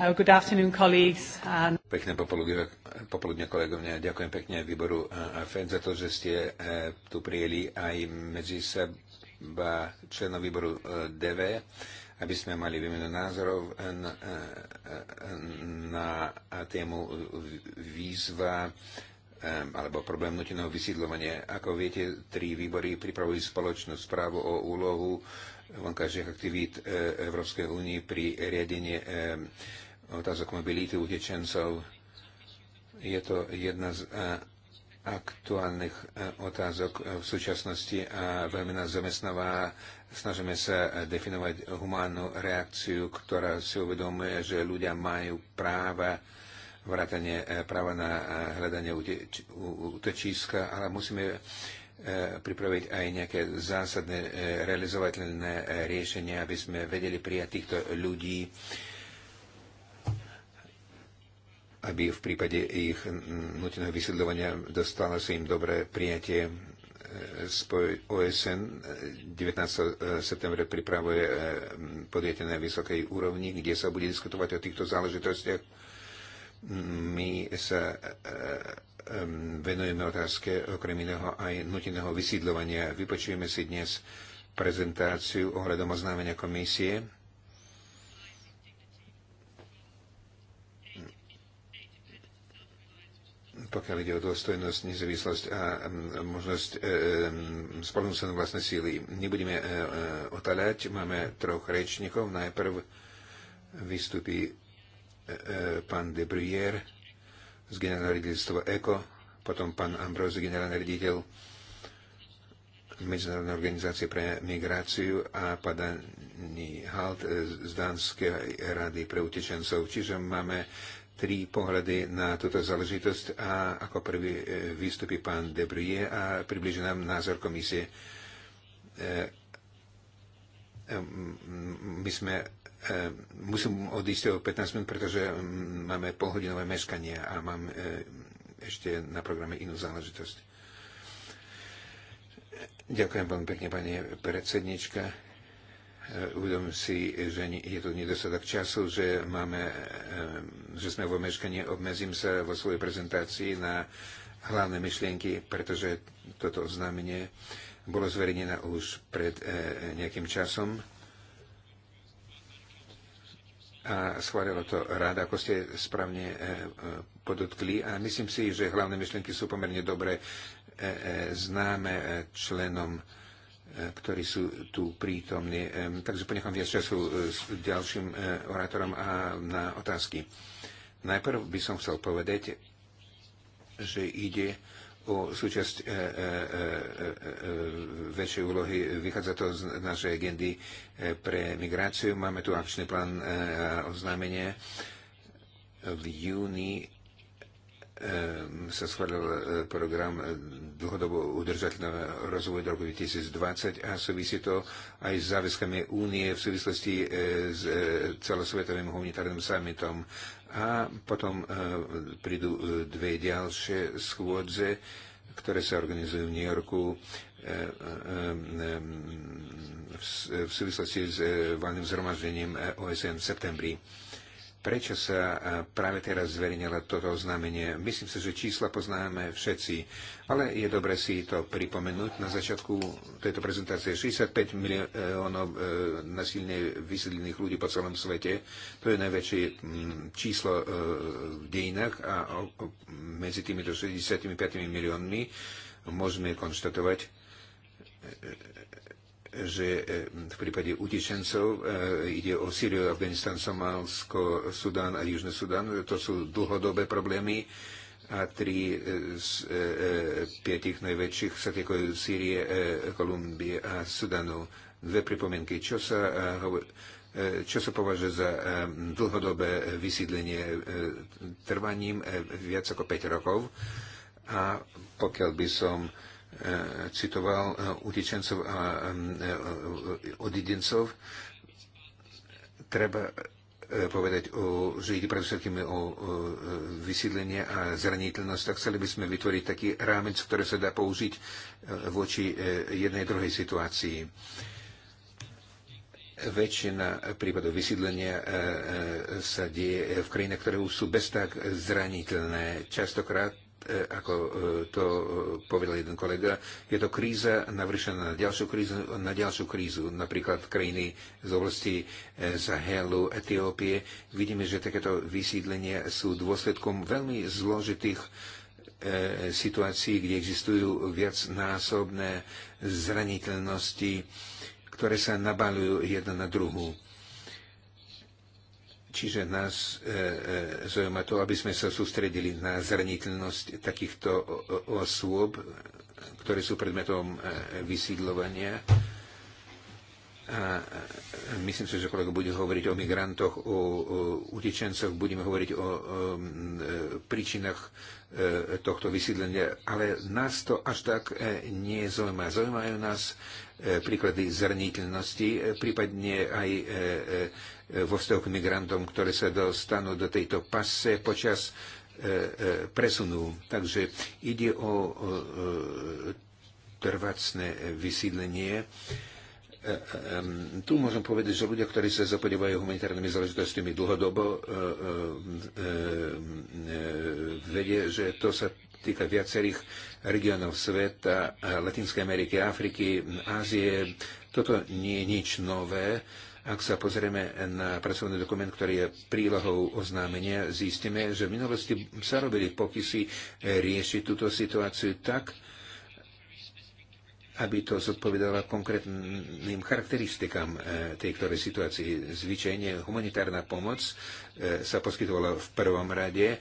Uh, Pekné popoludne, kolegovne. Ďakujem pekne výboru AFED uh, za to, že ste uh, tu prijeli aj medzi seba členov výboru DV, aby sme mali výmenu názorov na, tému výzva um, alebo problém nutinného vysídlovania. Ako viete, tri výbory pripravujú spoločnú správu o úlohu vonkajších aktivít Európskej únie pri riadení um, otázok mobility utečencov. Je to jedna z e, aktuálnych e, otázok v súčasnosti a veľmi nás zamestnáva. Snažíme sa definovať humánnu reakciu, ktorá si uvedomuje, že ľudia majú práva vrátanie e, práva na hľadanie utečiska, ale musíme pripraviť aj nejaké zásadné realizovateľné riešenia, aby sme vedeli prijať týchto ľudí aby v prípade ich nuteného vysledovania dostalo sa im dobré prijatie e, OSN 19. E, septembra pripravuje e, podjetie na vysokej úrovni, kde sa bude diskutovať o týchto záležitostiach. My sa venujeme otázke okrem iného aj nuteného vysídľovania. Vypočujeme si dnes prezentáciu ohľadom oznámenia komisie pokiaľ ide o dôstojnosť, nezávislosť a možnosť e, spolnúť sa na vlastné síly. Nebudeme e, e, otáľať, máme troch rečníkov. Najprv vystupí pán De Bruyère z generálneho riaditeľstva ECO, potom pán Ambrose, generálny riaditeľ Medzinárodnej organizácie pre migráciu a padaný Halt z Dánskej rady pre utečencov. Čiže máme tri pohľady na túto záležitosť a ako prvý e, vystupí pán Debrie a približí nám názor komisie. E, e, my sme, musím odísť o 15 minút, pretože máme polhodinové meškanie a mám ešte na programe inú záležitosť. Ďakujem veľmi pekne, pani predsednička Eh, uvedom si, že je tu nedostatok času, že, máme, eh, že sme vo meškaní. obmezím sa vo svojej prezentácii na hlavné myšlienky, pretože toto oznámenie bolo zverejnené už pred eh, nejakým časom a schválila to rada, ako ste správne podotkli. A myslím si, že hlavné myšlienky sú pomerne dobre známe členom E, ktorí sú tu prítomní. E, takže ponechám viac času e, s ďalším orátorom a na otázky. Najprv by som chcel povedať, že ide o súčasť e, e, e, e, väčšej úlohy. Vychádza to z našej agendy pre migráciu. Máme tu akčný plán e, oznámenie v júni Ehm, sa schválil e, program e, dlhodobo udržateľného rozvoja do roku 2020 a súvisí to aj s záväzkami únie v súvislosti e, s celosvetovým humanitárnym summitom. A potom prídu dve ďalšie schôdze, ktoré sa organizujú v New Yorku v súvislosti s valným zhromaždením OSN v septembri. Prečo sa e, práve teraz zverejnila toto oznámenie? Myslím si, že čísla poznáme všetci, ale je dobre si to pripomenúť. Na začiatku tejto prezentácie 65 miliónov e, nasilne vysedlených ľudí po celom svete. To je najväčšie číslo e, v dejinách a medzi týmito 65 miliónmi môžeme konštatovať, že e, v prípade utečencov e, ide o Syriu, Afganistan, Somálsko, Sudán a Južný Sudán. To sú dlhodobé problémy a tri e, z piatich najväčších sa týkajú Sýrie, Kolumbie a Sudanu. Dve pripomienky. Čo sa, čo sa považuje za dlhodobé vysídlenie trvaním viac ako 5 rokov? A pokiaľ by som Eh, citoval eh, utečencov a eh, odidencov. Treba povedať, o, že ide predovšetkým o, o vysídlenie a zraniteľnosť, tak chceli by sme vytvoriť taký rámec, ktorý sa dá použiť voči jednej druhej situácii. Väčšina prípadov vysídlenia sa deje v krajinách, ktoré už sú bez tak zraniteľné. Častokrát E, ako e, to e, povedal jeden kolega, je to kríza navršená na ďalšiu krízu, na ďalšiu krízu. Napríklad krajiny z oblasti Sahelu, Etiópie. Vidíme, že takéto vysídlenia sú dôsledkom veľmi zložitých situácií, kde existujú viacnásobné zraniteľnosti, ktoré sa nabalujú jedna na druhú Čiže nás e, e, zaujíma to, aby sme sa sústredili na zraniteľnosť takýchto osôb, ktoré sú predmetom e, vysídlovania. A myslím si, že kolega bude hovoriť o migrantoch, o, o utečencoch, budeme hovoriť o, o e, príčinách e, tohto vysídlenia, ale nás to až tak e, nie zaujíma. Zaujímajú nás e, príklady zraniteľnosti, e, prípadne aj e, e, E, vo vzťahu k migrantom, ktoré sa dostanú do tejto pase počas e, e, presunú. Takže ide o trvacné vysídlenie. Tu môžem povedať, že ľudia, ktorí sa zapodievajú humanitárnymi záležitostiami dlhodobo, vedie, že to sa týka viacerých regionov sveta, Latinskej Ameriky, Afriky, Ázie. Toto nie je nič nové. Ak sa pozrieme na pracovný dokument, ktorý je prílohou oznámenia, zistíme, že v minulosti sa robili pokusy riešiť túto situáciu tak, aby to zodpovedalo konkrétnym charakteristikám eh, tej ktorej situácii. Zvyčajne humanitárna pomoc eh, sa poskytovala v prvom rade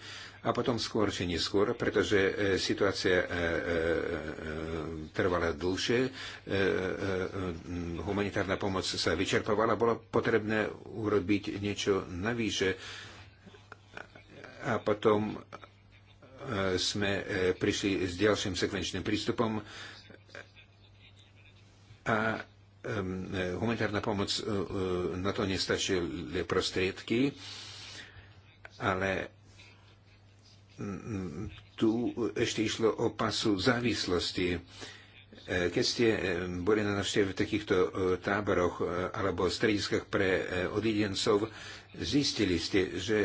a potom skôr či neskôr, pretože eh, situácia trvala dlhšie, humanitárna pomoc sa vyčerpovala, bolo potrebné urobiť niečo navýše. A potom e, sme e, prišli s ďalším sekvenčným prístupom a e, humanitárna pomoc na to nestačili prostriedky, ale tu ešte išlo o pasu závislosti E, keď ste e, boli na návšteve v takýchto e, táboroch alebo strediskách pre odidencov, zistili ste, že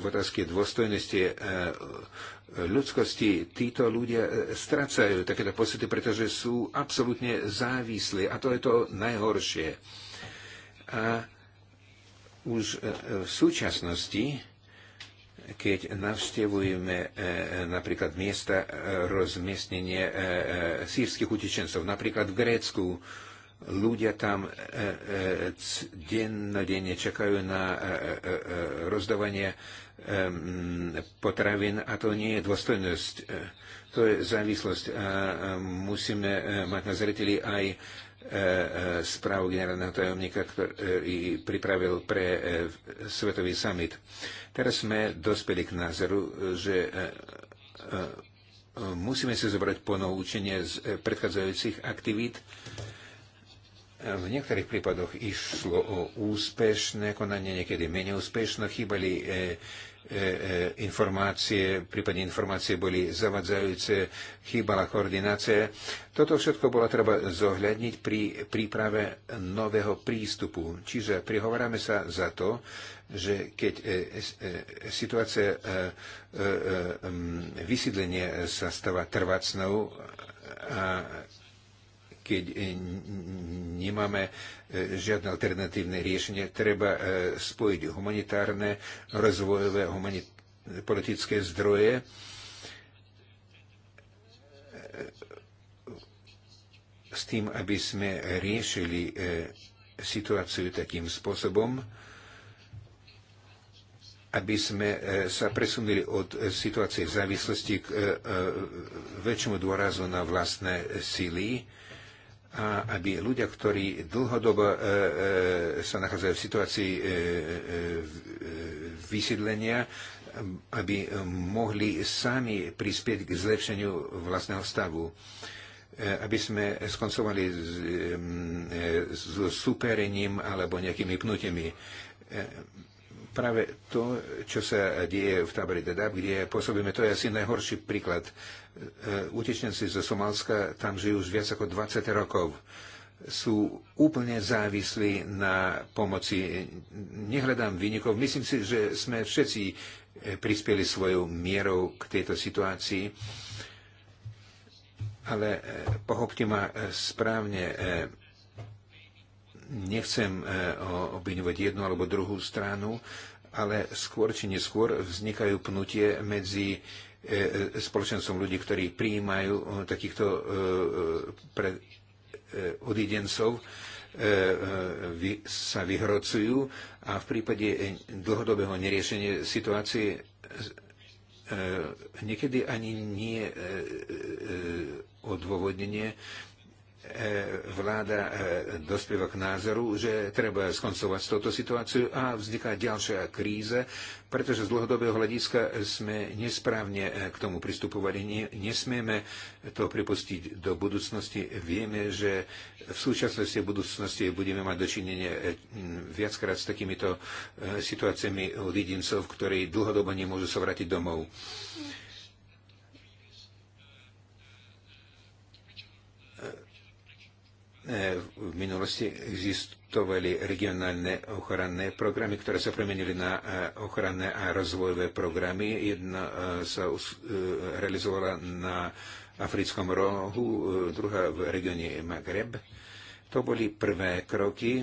v otázke dôstojnosti ľudskosti títo ľudia strácajú takéto pocity, pretože sú absolútne závislí a to je to najhoršie. A už v súčasnosti keď navštevujeme e, napríklad miesta e, rozmiestnenie e, sírskych utečencov, napríklad v Grécku, ľudia tam dennodenne čakajú na rozdávanie potravín a to nie je dôstojnosť, to je závislosť. Musíme mať na zreteli aj E, e, správu generálneho tajomníka, ktorý e, pripravil pre Svetový summit. Teraz sme dospeli k názoru, že musíme si zobrať ponoučenie z predchádzajúcich aktivít. V niektorých prípadoch išlo o úspešné konanie, niekedy menej úspešné, chýbali E, e, informácie, prípadne informácie boli zavadzajúce, chýbala koordinácia. Toto všetko bolo treba zohľadniť pri príprave nového prístupu. Čiže prihovoráme sa za to, že keď e, situácia vysídlenie sa stáva trvácnou a keď e, nemáme e, žiadne alternatívne riešenie. Treba e, spojiť humanitárne, rozvojové, humanit- politické zdroje s tým, aby sme riešili situáciu takým spôsobom, aby sme sa presunuli od situácie závislosti k väčšiemu dôrazu na vlastné síly a aby ľudia, ktorí dlhodobo e, e, sa nachádzajú v situácii e, vysídlenia, aby mohli sami prispieť k zlepšeniu vlastného stavu aby sme skoncovali s, s superením alebo nejakými pnutiami práve to, čo sa deje v tábore Dedab, kde pôsobíme, to je asi najhorší príklad. E, utečenci zo Somálska tam žijú už viac ako 20 rokov. Sú úplne závislí na pomoci. Nehľadám výnikov. Myslím si, že sme všetci e, prispeli svojou mierou k tejto situácii. Ale e, pochopte ma správne nechcem e, obviňovať jednu alebo druhú stranu, ale skôr či neskôr vznikajú pnutie medzi e, e, spoločenstvom ľudí, ktorí prijímajú takýchto odidencov, sa vyhrocujú a v prípade dlhodobého neriešenia situácie niekedy ani nie odôvodnenie E, vláda e, dospieva k názoru, že treba skoncovať s touto situáciou a vzniká ďalšia kríza, pretože z dlhodobého hľadiska sme nesprávne e, k tomu pristupovali. Nesmieme to pripustiť do budúcnosti. Vieme, že v súčasnosti v budúcnosti budeme mať dočinenie viackrát s takýmito situáciami od jedincov, ktorí dlhodobo nemôžu sa vrátiť domov. E, v minulosti existovali regionálne ochranné programy, ktoré sa premenili na e, ochranné a rozvojové programy. Jedna e, sa realizovala na Africkom rohu, druhá v regióne Magreb. To boli prvé kroky.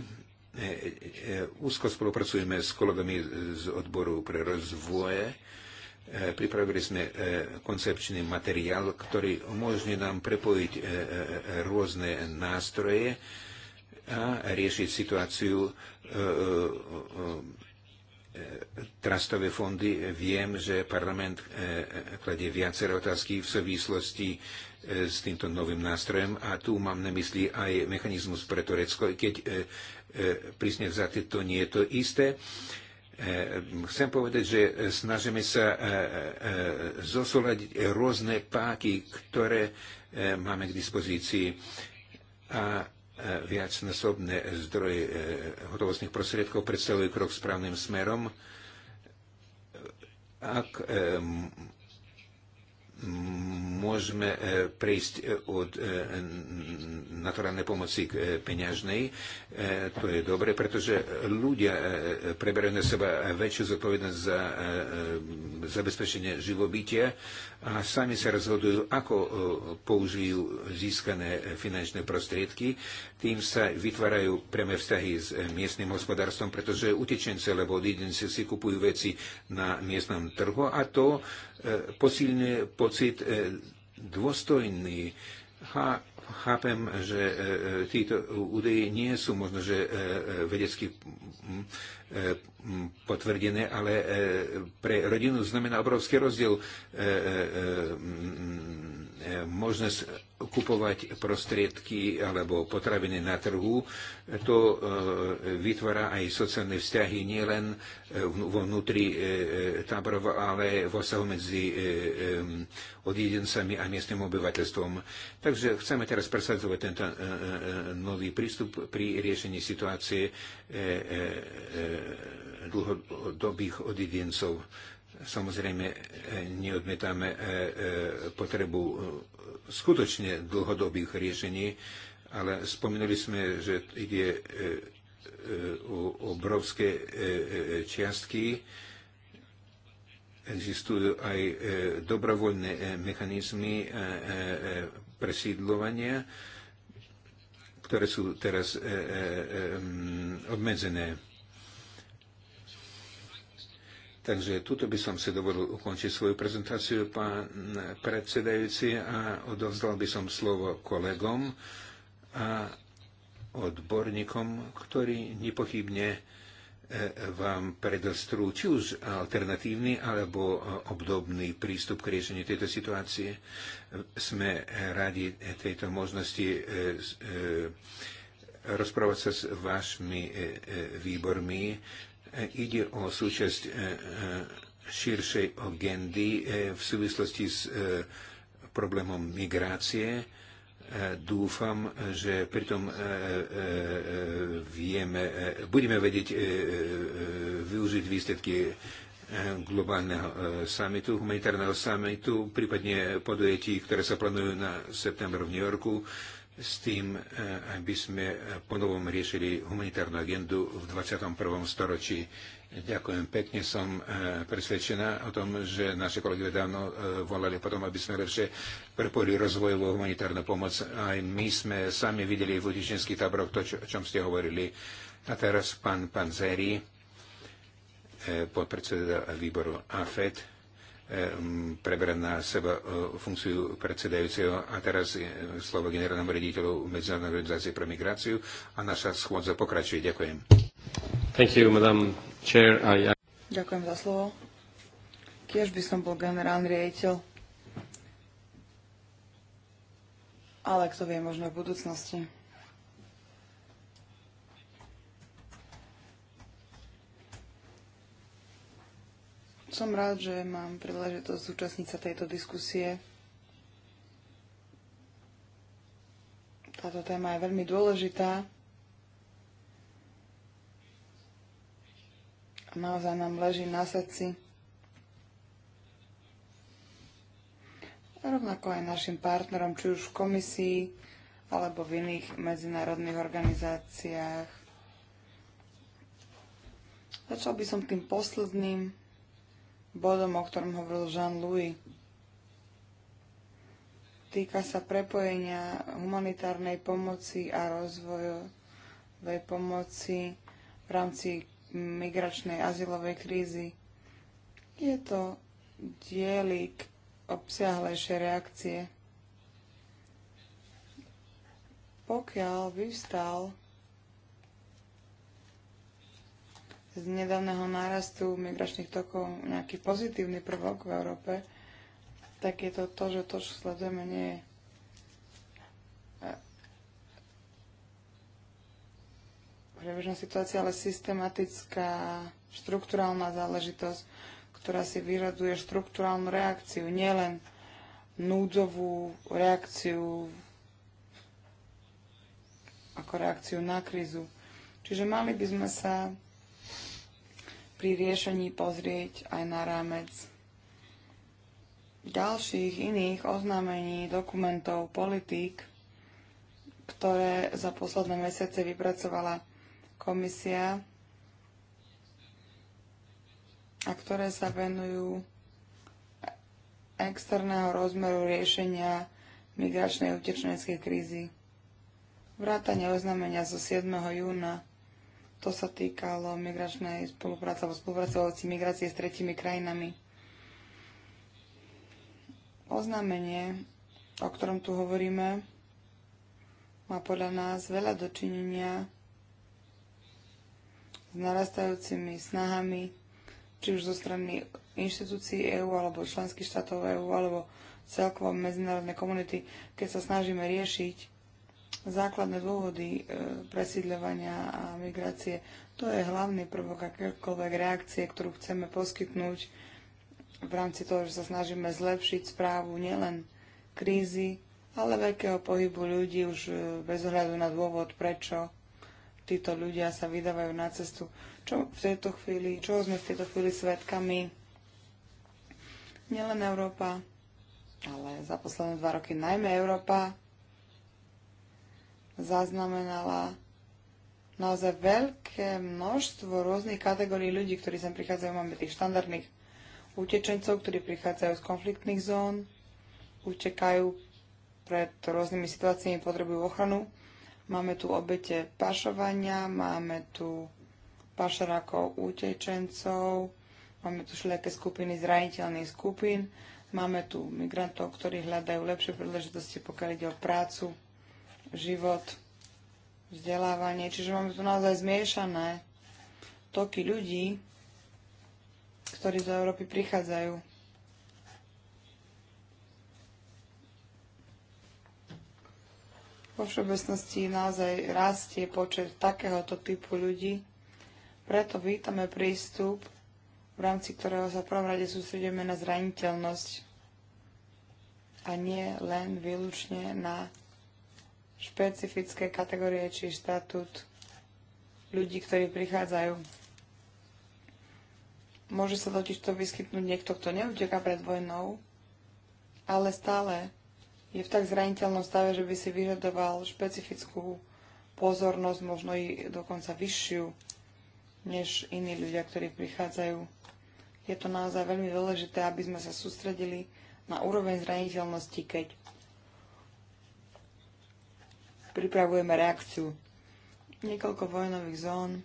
Úzko spolupracujeme s kolegami z odboru pre rozvoje E, pripravili sme e, koncepčný materiál, ktorý umožní nám prepojiť e, rôzne nástroje a riešiť situáciu trastové fondy. Viem, že parlament kladie viaceré otázky v súvislosti s týmto novým nástrojem a tu mám na mysli aj mechanizmus pre Turecko, keď prísne vzaté to nie je to isté. Eh, chcem povedať, že eh, snažíme sa eh, zosúľadiť rôzne páky, ktoré máme k dispozícii a viacnásobné zdroje hotovostných prostriedkov predstavujú krok správnym smerom. Ak môžeme e, prejsť e, od e, naturálnej pomoci k peňažnej. To je dobre, pretože ľudia preberajú na seba väčšiu zodpovednosť za zabezpečenie živobytia a sami sa rozhodujú, ako e, použijú získané e, finančné prostriedky. Tým sa vytvárajú preme vzťahy s e, miestnym hospodárstvom, pretože utečenci alebo odídenci si kupujú veci na miestnom trhu a to posilňuje pocit dôstojný. Ha, chápem, že títo údeje nie sú možno, že vedecky potvrdené, ale e, pre rodinu znamená obrovský rozdiel e, e, možnosť kupovať prostriedky alebo potraviny na trhu. To vytvára aj sociálne vzťahy nielen vo vnútri táborov, ale vo vzťahu medzi odjedencami a miestnym obyvateľstvom. Takže chceme teraz presadzovať tento nový prístup pri riešení situácie dlhodobých odidencov. Samozrejme, neodmetáme e, e, potrebu e, skutočne dlhodobých riešení, ale spomínali sme, že ide o obrovské čiastky. Existujú aj dobrovoľné mechanizmy presídlovania, ktoré sú teraz obmedzené Takže tuto by som si dovolil ukončiť svoju prezentáciu, pán predsedajúci, a odovzdal by som slovo kolegom a odborníkom, ktorí nepochybne e, vám predostrú či už alternatívny alebo obdobný prístup k riešeniu tejto situácie. Sme radi tejto možnosti e, e, rozprávať sa s vašimi výbormi Ide o súčasť e, e, širšej agendy e, v súvislosti s problémom migrácie. Dúfam, že pritom vieme, budeme vedieť využiť výsledky globálneho samitu, humanitárneho samitu, prípadne podujetí, ktoré sa plánujú na september v New Yorku s tým, eh, aby sme eh, ponovom riešili humanitárnu agendu v 21. storočí. Ďakujem pekne, som eh, presvedčená o tom, že naše kolegy dávno volali potom, aby sme lepšie prepojili rozvojovú humanitárnu pomoc. Aj my sme sami videli v utečenských táboroch to, čo, o čom ste hovorili. A teraz pán Panzeri, podpredseda výboru AFED. Ehm, preberať na seba e, funkciu predsedajúceho a teraz e, slovo generálnemu rediteľu Medzinárodnej organizácie pre migráciu a naša schôdza pokračuje. Ďakujem. Thank you, Madam Chair. I... Ďakujem za slovo. Kiež by som bol generálny riaditeľ, ale kto vie, možno v budúcnosti. Som rád, že mám príležitosť zúčastniť sa tejto diskusie. Táto téma je veľmi dôležitá. A naozaj nám leží na srdci. rovnako aj našim partnerom, či už v komisii, alebo v iných medzinárodných organizáciách. Začal by som tým posledným bodom, o ktorom hovoril Jean-Louis. Týka sa prepojenia humanitárnej pomoci a rozvojovej pomoci v rámci migračnej azylovej krízy. Je to dielik obsiahlejšie reakcie. Pokiaľ vyvstal z nedávneho nárastu migračných tokov nejaký pozitívny prvok v Európe, tak je to to, že to, čo sledujeme, nie je eh, prebežná situácia, ale systematická štruktúrálna záležitosť, ktorá si vyžaduje štruktúrálnu reakciu, nielen núdzovú reakciu ako reakciu na krízu. Čiže mali by sme sa pri riešení pozrieť aj na rámec ďalších iných oznámení, dokumentov, politík, ktoré za posledné mesiace vypracovala komisia a ktoré sa venujú externého rozmeru riešenia migračnej utečeneckej krízy. Vrátanie oznámenia zo 7. júna to sa týkalo migračnej spolupráce alebo spolupracovací migrácie s tretimi krajinami. Oznámenie, o ktorom tu hovoríme, má podľa nás veľa dočinenia s narastajúcimi snahami, či už zo strany inštitúcií EÚ alebo členských štátov EÚ alebo celkovo medzinárodnej komunity, keď sa snažíme riešiť základné dôvody e, presídľovania a migrácie. To je hlavný prvok akékoľvek reakcie, ktorú chceme poskytnúť v rámci toho, že sa snažíme zlepšiť správu nielen krízy, ale veľkého pohybu ľudí už e, bez ohľadu na dôvod, prečo títo ľudia sa vydávajú na cestu. Čo v tejto chvíli, čo sme v tejto chvíli svetkami? Nielen Európa, ale za posledné dva roky najmä Európa zaznamenala naozaj veľké množstvo rôznych kategórií ľudí, ktorí sem prichádzajú. Máme tých štandardných utečencov, ktorí prichádzajú z konfliktných zón, utekajú pred rôznymi situáciami, potrebujú ochranu. Máme tu obete pašovania, máme tu pašerákov, utečencov, máme tu všelijaké skupiny zraniteľných skupín, máme tu migrantov, ktorí hľadajú lepšie príležitosti, pokiaľ ide o prácu, život, vzdelávanie. Čiže máme tu naozaj zmiešané toky ľudí, ktorí z Európy prichádzajú. Vo všeobecnosti naozaj rastie počet takéhoto typu ľudí, preto vítame prístup, v rámci ktorého sa v prvom rade sústredíme na zraniteľnosť a nie len výlučne na špecifické kategórie či štatút ľudí, ktorí prichádzajú. Môže sa totiž to vyskytnúť niekto, kto neuteká pred vojnou, ale stále je v tak zraniteľnom stave, že by si vyžadoval špecifickú pozornosť, možno i dokonca vyššiu, než iní ľudia, ktorí prichádzajú. Je to naozaj veľmi dôležité, aby sme sa sústredili na úroveň zraniteľnosti, keď pripravujeme reakciu. Niekoľko vojnových zón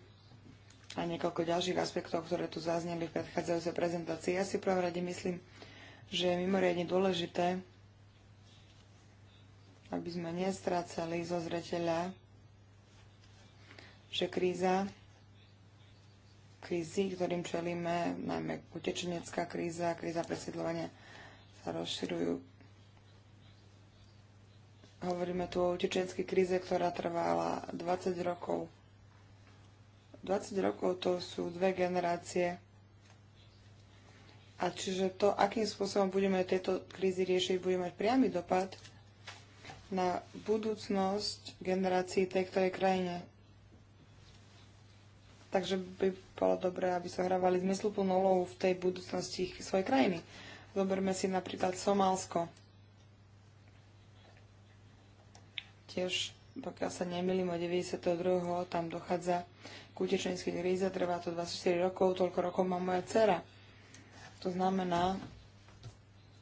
a niekoľko ďalších aspektov, ktoré tu zazneli v predchádzajúcej prezentácii. Ja si prvom rade myslím, že je mimoriadne dôležité, aby sme nestrácali zo zreteľa, že kríza, krízy, ktorým čelíme, najmä utečenecká kríza, kríza presiedľovania, sa rozširujú Hovoríme tu o utečenskej kríze, ktorá trvala 20 rokov. 20 rokov to sú dve generácie. A čiže to, akým spôsobom budeme tieto krízy riešiť, bude mať priamy dopad na budúcnosť generácií tej ktorej krajine. Takže by bolo dobré, aby sa hrávali zmysluplnú úlohu v tej budúcnosti svojej krajiny. Zoberme si napríklad Somálsko. Tiež, pokiaľ sa nemýlim, od 92. tam dochádza k utečenskej kríze, trvá to 24 rokov, toľko rokov má moja dcera. To znamená,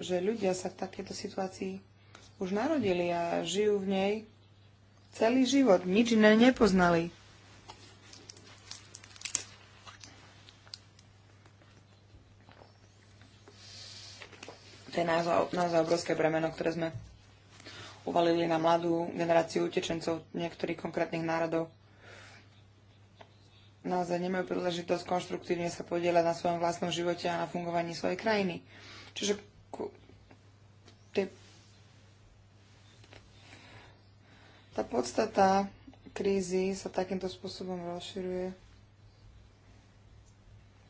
že ľudia sa v takejto situácii už narodili a žijú v nej celý život, nič iné nepoznali. To je naozaj obrovské bremeno, ktoré sme uvalili na mladú generáciu utečencov niektorých konkrétnych národov. Naozaj nemajú príležitosť konštruktívne sa podielať na svojom vlastnom živote a na fungovaní svojej krajiny. Čiže tie, tá podstata krízy sa takýmto spôsobom rozširuje.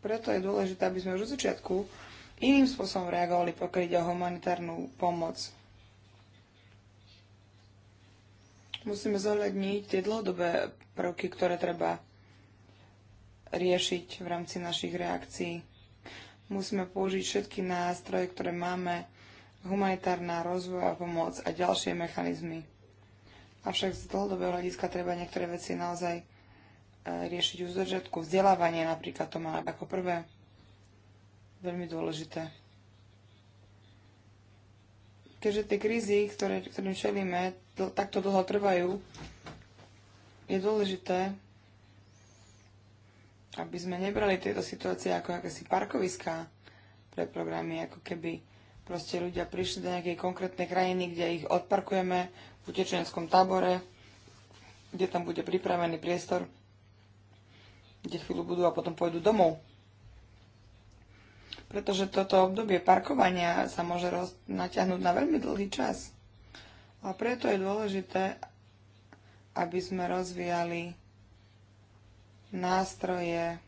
Preto je dôležité, aby sme už od začiatku iným spôsobom reagovali, pokiaľ ide o humanitárnu pomoc. Musíme zohľadniť tie dlhodobé prvky, ktoré treba riešiť v rámci našich reakcií. Musíme použiť všetky nástroje, ktoré máme, humanitárna rozvoj a pomoc a ďalšie mechanizmy. Avšak z dlhodobého hľadiska treba niektoré veci naozaj e, riešiť už zdržiatku. Vzdelávanie napríklad to má ako prvé veľmi dôležité. Keďže tie krízy, ktoré, ktorým čelíme, takto dlho trvajú, je dôležité, aby sme nebrali tieto situácie ako akési parkoviská pre programy, ako keby proste ľudia prišli do nejakej konkrétnej krajiny, kde ich odparkujeme v utečenskom tábore, kde tam bude pripravený priestor, kde chvíľu budú a potom pôjdu domov. Pretože toto obdobie parkovania sa môže roz... natiahnuť na veľmi dlhý čas. A preto je dôležité, aby sme rozvíjali nástroje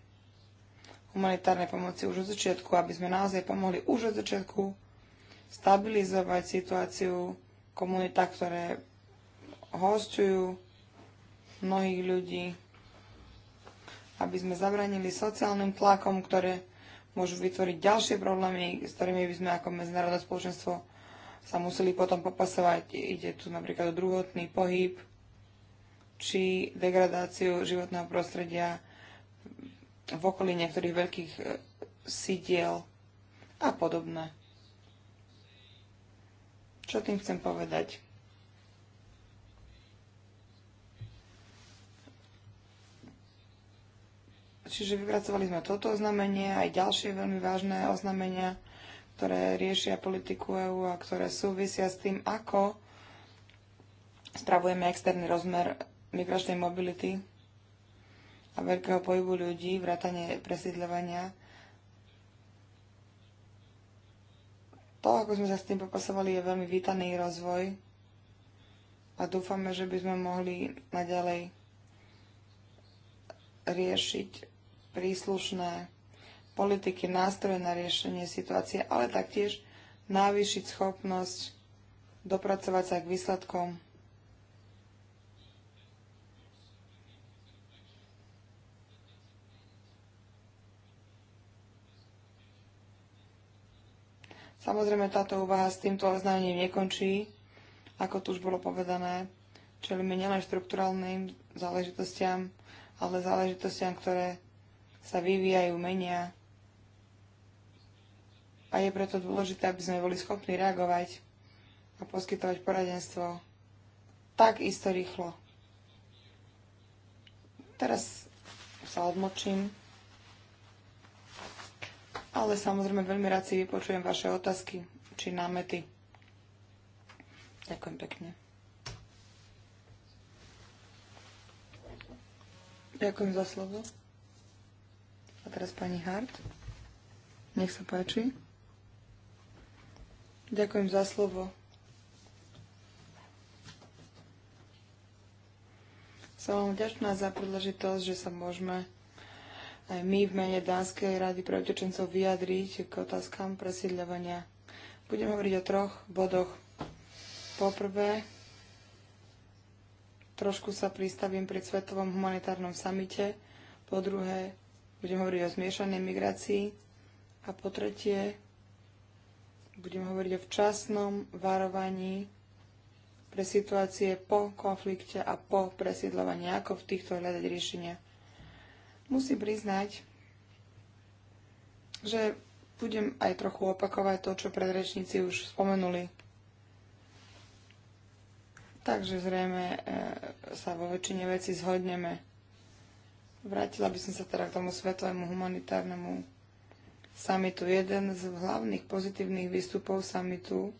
humanitárnej pomoci už od začiatku, aby sme naozaj pomohli už od začiatku stabilizovať situáciu komunita, ktoré hostujú mnohých ľudí, aby sme zabranili sociálnym tlakom, ktoré môžu vytvoriť ďalšie problémy, s ktorými by sme ako medzinárodné spoločenstvo sa museli potom popasovať. Ide tu napríklad o druhotný pohyb či degradáciu životného prostredia v okolí niektorých veľkých e, sídiel a podobné. Čo tým chcem povedať? Čiže vypracovali sme toto oznámenie, aj ďalšie veľmi vážne oznámenia ktoré riešia politiku EÚ a ktoré súvisia s tým, ako spravujeme externý rozmer migračnej mobility a veľkého pohybu ľudí, vrátanie presídľovania. To, ako sme sa s tým popasovali, je veľmi vítaný rozvoj a dúfame, že by sme mohli naďalej riešiť príslušné politiky, nástroje na riešenie situácie, ale taktiež navýšiť schopnosť dopracovať sa k výsledkom. Samozrejme, táto úvaha s týmto oznámením nekončí, ako tu už bolo povedané. Čelíme nielen štruktúralným záležitostiam, ale záležitostiam, ktoré sa vyvíjajú, menia a je preto dôležité, aby sme boli schopní reagovať a poskytovať poradenstvo takisto rýchlo. Teraz sa odmočím, ale samozrejme veľmi rád si vypočujem vaše otázky či námety. Ďakujem pekne. Ďakujem za slovo. A teraz pani Hart. Nech sa páči. Ďakujem za slovo. Som vám vďačná za príležitosť, že sa môžeme aj my v mene Dánskej rady pre utečencov vyjadriť k otázkam presídľovania. Budem hovoriť o troch bodoch. Poprvé, trošku sa pristavím pri Svetovom humanitárnom samite. Po druhé, budem hovoriť o zmiešanej migrácii. A po tretie, budem hovoriť o včasnom varovaní pre situácie po konflikte a po presídlovaní, ako v týchto hľadať riešenia. Musím priznať, že budem aj trochu opakovať to, čo predrečníci už spomenuli. Takže zrejme e, sa vo väčšine veci zhodneme. Vrátila by som sa teda k tomu svetovému humanitárnemu samitu. Jeden z hlavných pozitívnych výstupov samitu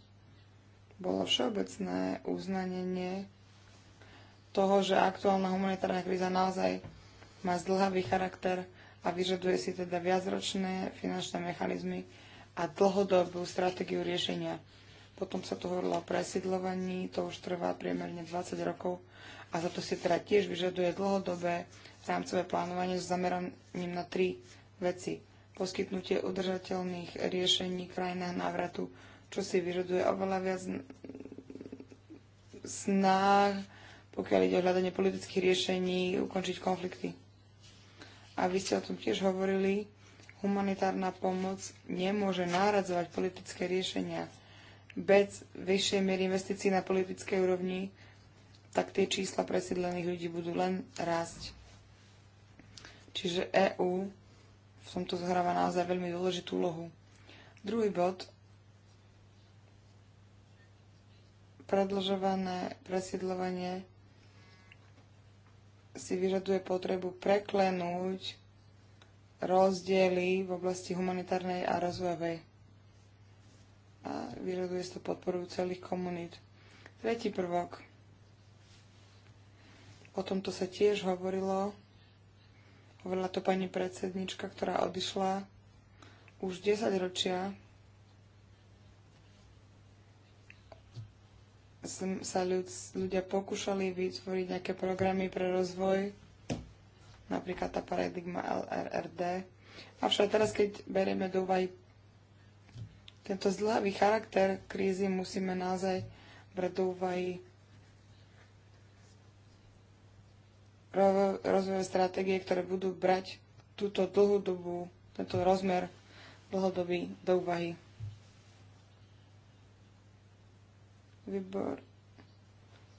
bolo všeobecné uznanenie toho, že aktuálna humanitárna kríza naozaj má zdlhavý charakter a vyžaduje si teda viacročné finančné mechanizmy a dlhodobú stratégiu riešenia. Potom sa to hovorilo o presidlovaní, to už trvá priemerne 20 rokov a za to si teda tiež vyžaduje dlhodobé rámcové plánovanie s zameraním na tri veci poskytnutie udržateľných riešení v krajinách návratu, čo si vyžaduje oveľa viac snah, pokiaľ ide o hľadanie politických riešení, ukončiť konflikty. A vy ste o tom tiež hovorili, humanitárna pomoc nemôže náradzovať politické riešenia. Bez vyššej miery investícií na politickej úrovni, tak tie čísla presídlených ľudí budú len rásť. Čiže EÚ som tu zhráva naozaj veľmi dôležitú úlohu. Druhý bod. Predlžované presídľovanie si vyžaduje potrebu preklenúť rozdiely v oblasti humanitárnej a rozvojovej. A vyžaduje si to podporu celých komunít. Tretí prvok. O tomto sa tiež hovorilo. Hovorila to pani predsednička, ktorá odišla už 10 ročia. sa ľud, ľudia pokúšali vytvoriť nejaké programy pre rozvoj, napríklad tá paradigma LRRD. Avšak teraz, keď berieme do úvahy tento zdlhavý charakter krízy, musíme naozaj brať do úvahy rozvojové stratégie, ktoré budú brať túto dobu, tento rozmer dlhodobý do úvahy. Výbor.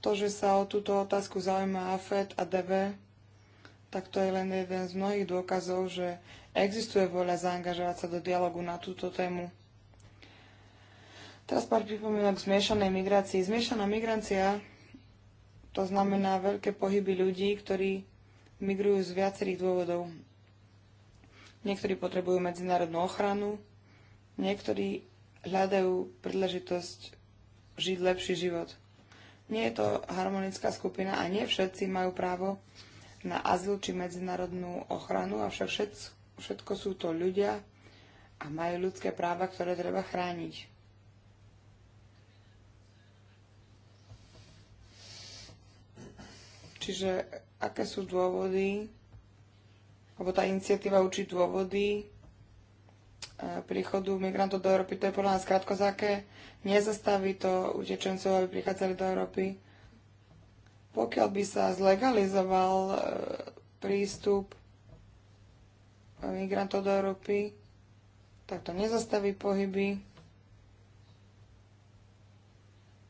To, že sa o túto otázku zaujíma AFED a DV, tak to je len jeden z mnohých dôkazov, že existuje voľa zaangažovať sa do dialogu na túto tému. Teraz pár pripomienok k zmiešanej migrácii. Zmiešaná migrácia to znamená veľké pohyby ľudí, ktorí migrujú z viacerých dôvodov. Niektorí potrebujú medzinárodnú ochranu, niektorí hľadajú príležitosť žiť lepší život. Nie je to harmonická skupina a nie všetci majú právo na azyl či medzinárodnú ochranu, avšak všetko, všetko sú to ľudia a majú ľudské práva, ktoré treba chrániť. čiže aké sú dôvody, alebo tá iniciatíva učí dôvody e, príchodu migrantov do Európy. To je podľa nás krátkozáke. Nezastaví to utečencov, aby prichádzali do Európy. Pokiaľ by sa zlegalizoval e, prístup e, migrantov do Európy, tak to nezastaví pohyby.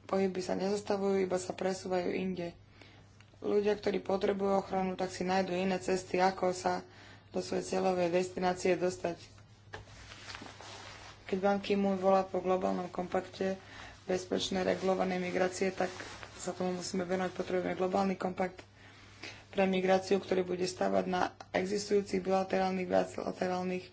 Pohyby sa nezastavujú, iba sa presúvajú inde ľudia, ktorí potrebujú ochranu, tak si nájdú iné cesty, ako sa do svojej cieľovej destinácie dostať. Keď vám ki volá po globálnom kompakte bezpečné regulované migrácie, tak sa tomu musíme venovať. Potrebujeme globálny kompakt pre migráciu, ktorý bude stavať na existujúcich bilaterálnych, bilaterálnych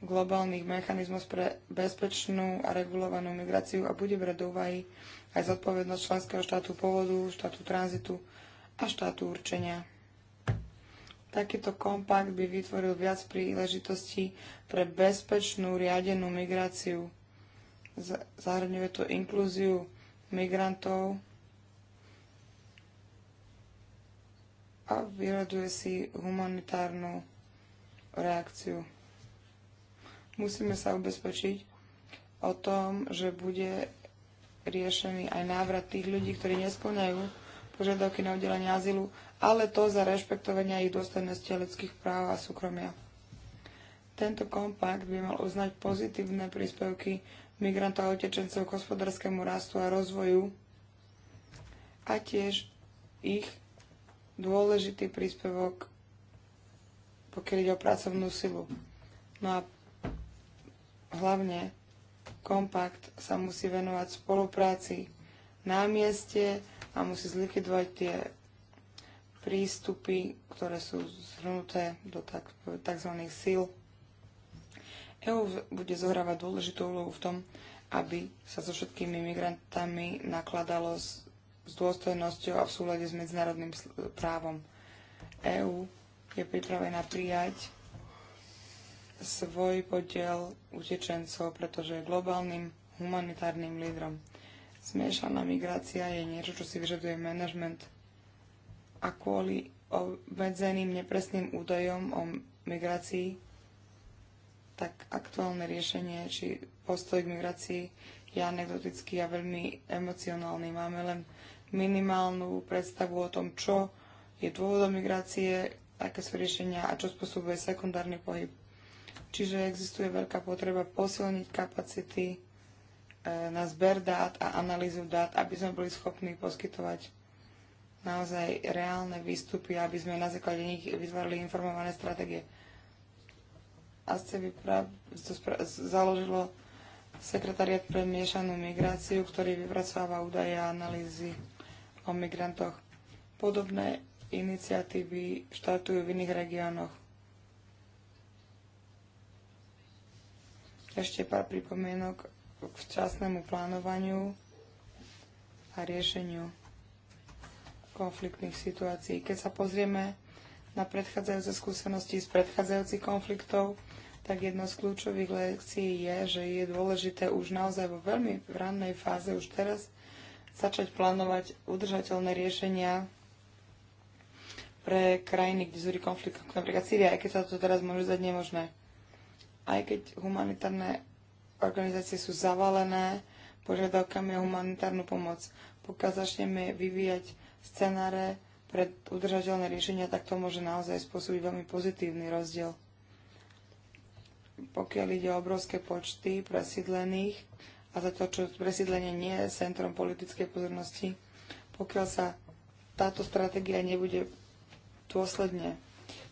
globálnych mechanizmus pre bezpečnú a regulovanú migráciu a bude brať do úvahy aj zodpovednosť členského štátu pôvodu, štátu tranzitu, a štátu určenia. Takýto kompakt by vytvoril viac príležitostí pre bezpečnú riadenú migráciu. Zahrňuje to inklúziu migrantov a vyraduje si humanitárnu reakciu. Musíme sa ubezpečiť o tom, že bude riešený aj návrat tých ľudí, ktorí nesplňajú požiadavky na udelenie azylu, ale to za rešpektovania ich dôstojnosti ľudských práv a súkromia. Tento kompakt by mal uznať pozitívne príspevky migrantov a utečencov k hospodárskému rastu a rozvoju a tiež ich dôležitý príspevok, pokiaľ ide o pracovnú silu. No a hlavne kompakt sa musí venovať spolupráci na mieste a musí zlikvidovať tie prístupy, ktoré sú zhrnuté do tzv. síl. EU bude zohrávať dôležitú úlohu v tom, aby sa so všetkými migrantami nakladalo s, s dôstojnosťou a v súlade s medzinárodným právom. EÚ je pripravená prijať svoj podiel utečencov, pretože je globálnym humanitárnym lídrom. Smiešaná migrácia je niečo, čo si vyžaduje manažment a kvôli obmedzeným nepresným údajom o migrácii, tak aktuálne riešenie či postoj k migrácii je anekdotický a veľmi emocionálny. Máme len minimálnu predstavu o tom, čo je dôvodom migrácie, aké sú riešenia a čo spôsobuje sekundárny pohyb. Čiže existuje veľká potreba posilniť kapacity E, na zber dát a analýzu dát, aby sme boli schopní poskytovať naozaj reálne výstupy, aby sme na základe nich vytvorili informované stratégie. ASCE by založilo sekretariat pre miešanú migráciu, ktorý vypracováva údaje a analýzy o migrantoch. Podobné iniciatívy štartujú v iných regiónoch. Ešte pár pripomienok k včasnému plánovaniu a riešeniu konfliktných situácií. Keď sa pozrieme na predchádzajúce skúsenosti z predchádzajúcich konfliktov, tak jedno z kľúčových lekcií je, že je dôležité už naozaj vo veľmi rannej fáze, už teraz, začať plánovať udržateľné riešenia pre krajiny, kde zúri konflikt, ako napríklad Sýria, aj keď sa to teraz môže zdať nemožné. Aj keď humanitárne organizácie sú zavalené požiadavkami o humanitárnu pomoc. Pokiaľ začneme vyvíjať scenáre pre udržateľné riešenia, tak to môže naozaj spôsobiť veľmi pozitívny rozdiel. Pokiaľ ide o obrovské počty presídlených a za to, čo presídlenie nie je centrom politickej pozornosti, pokiaľ sa táto stratégia nebude dôsledne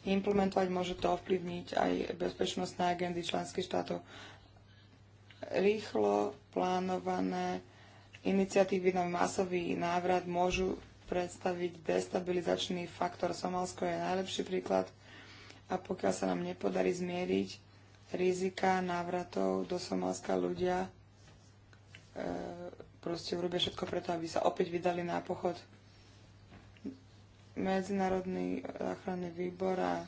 implementovať, môže to ovplyvniť aj bezpečnostné agendy členských štátov. Rýchlo plánované iniciatívy na masový návrat môžu predstaviť destabilizačný faktor. Somalsko je najlepší príklad a pokiaľ sa nám nepodarí zmieriť rizika návratov do Somalska ľudia e, proste urobia všetko preto, aby sa opäť vydali na pochod. Medzinárodný záchranný výbor a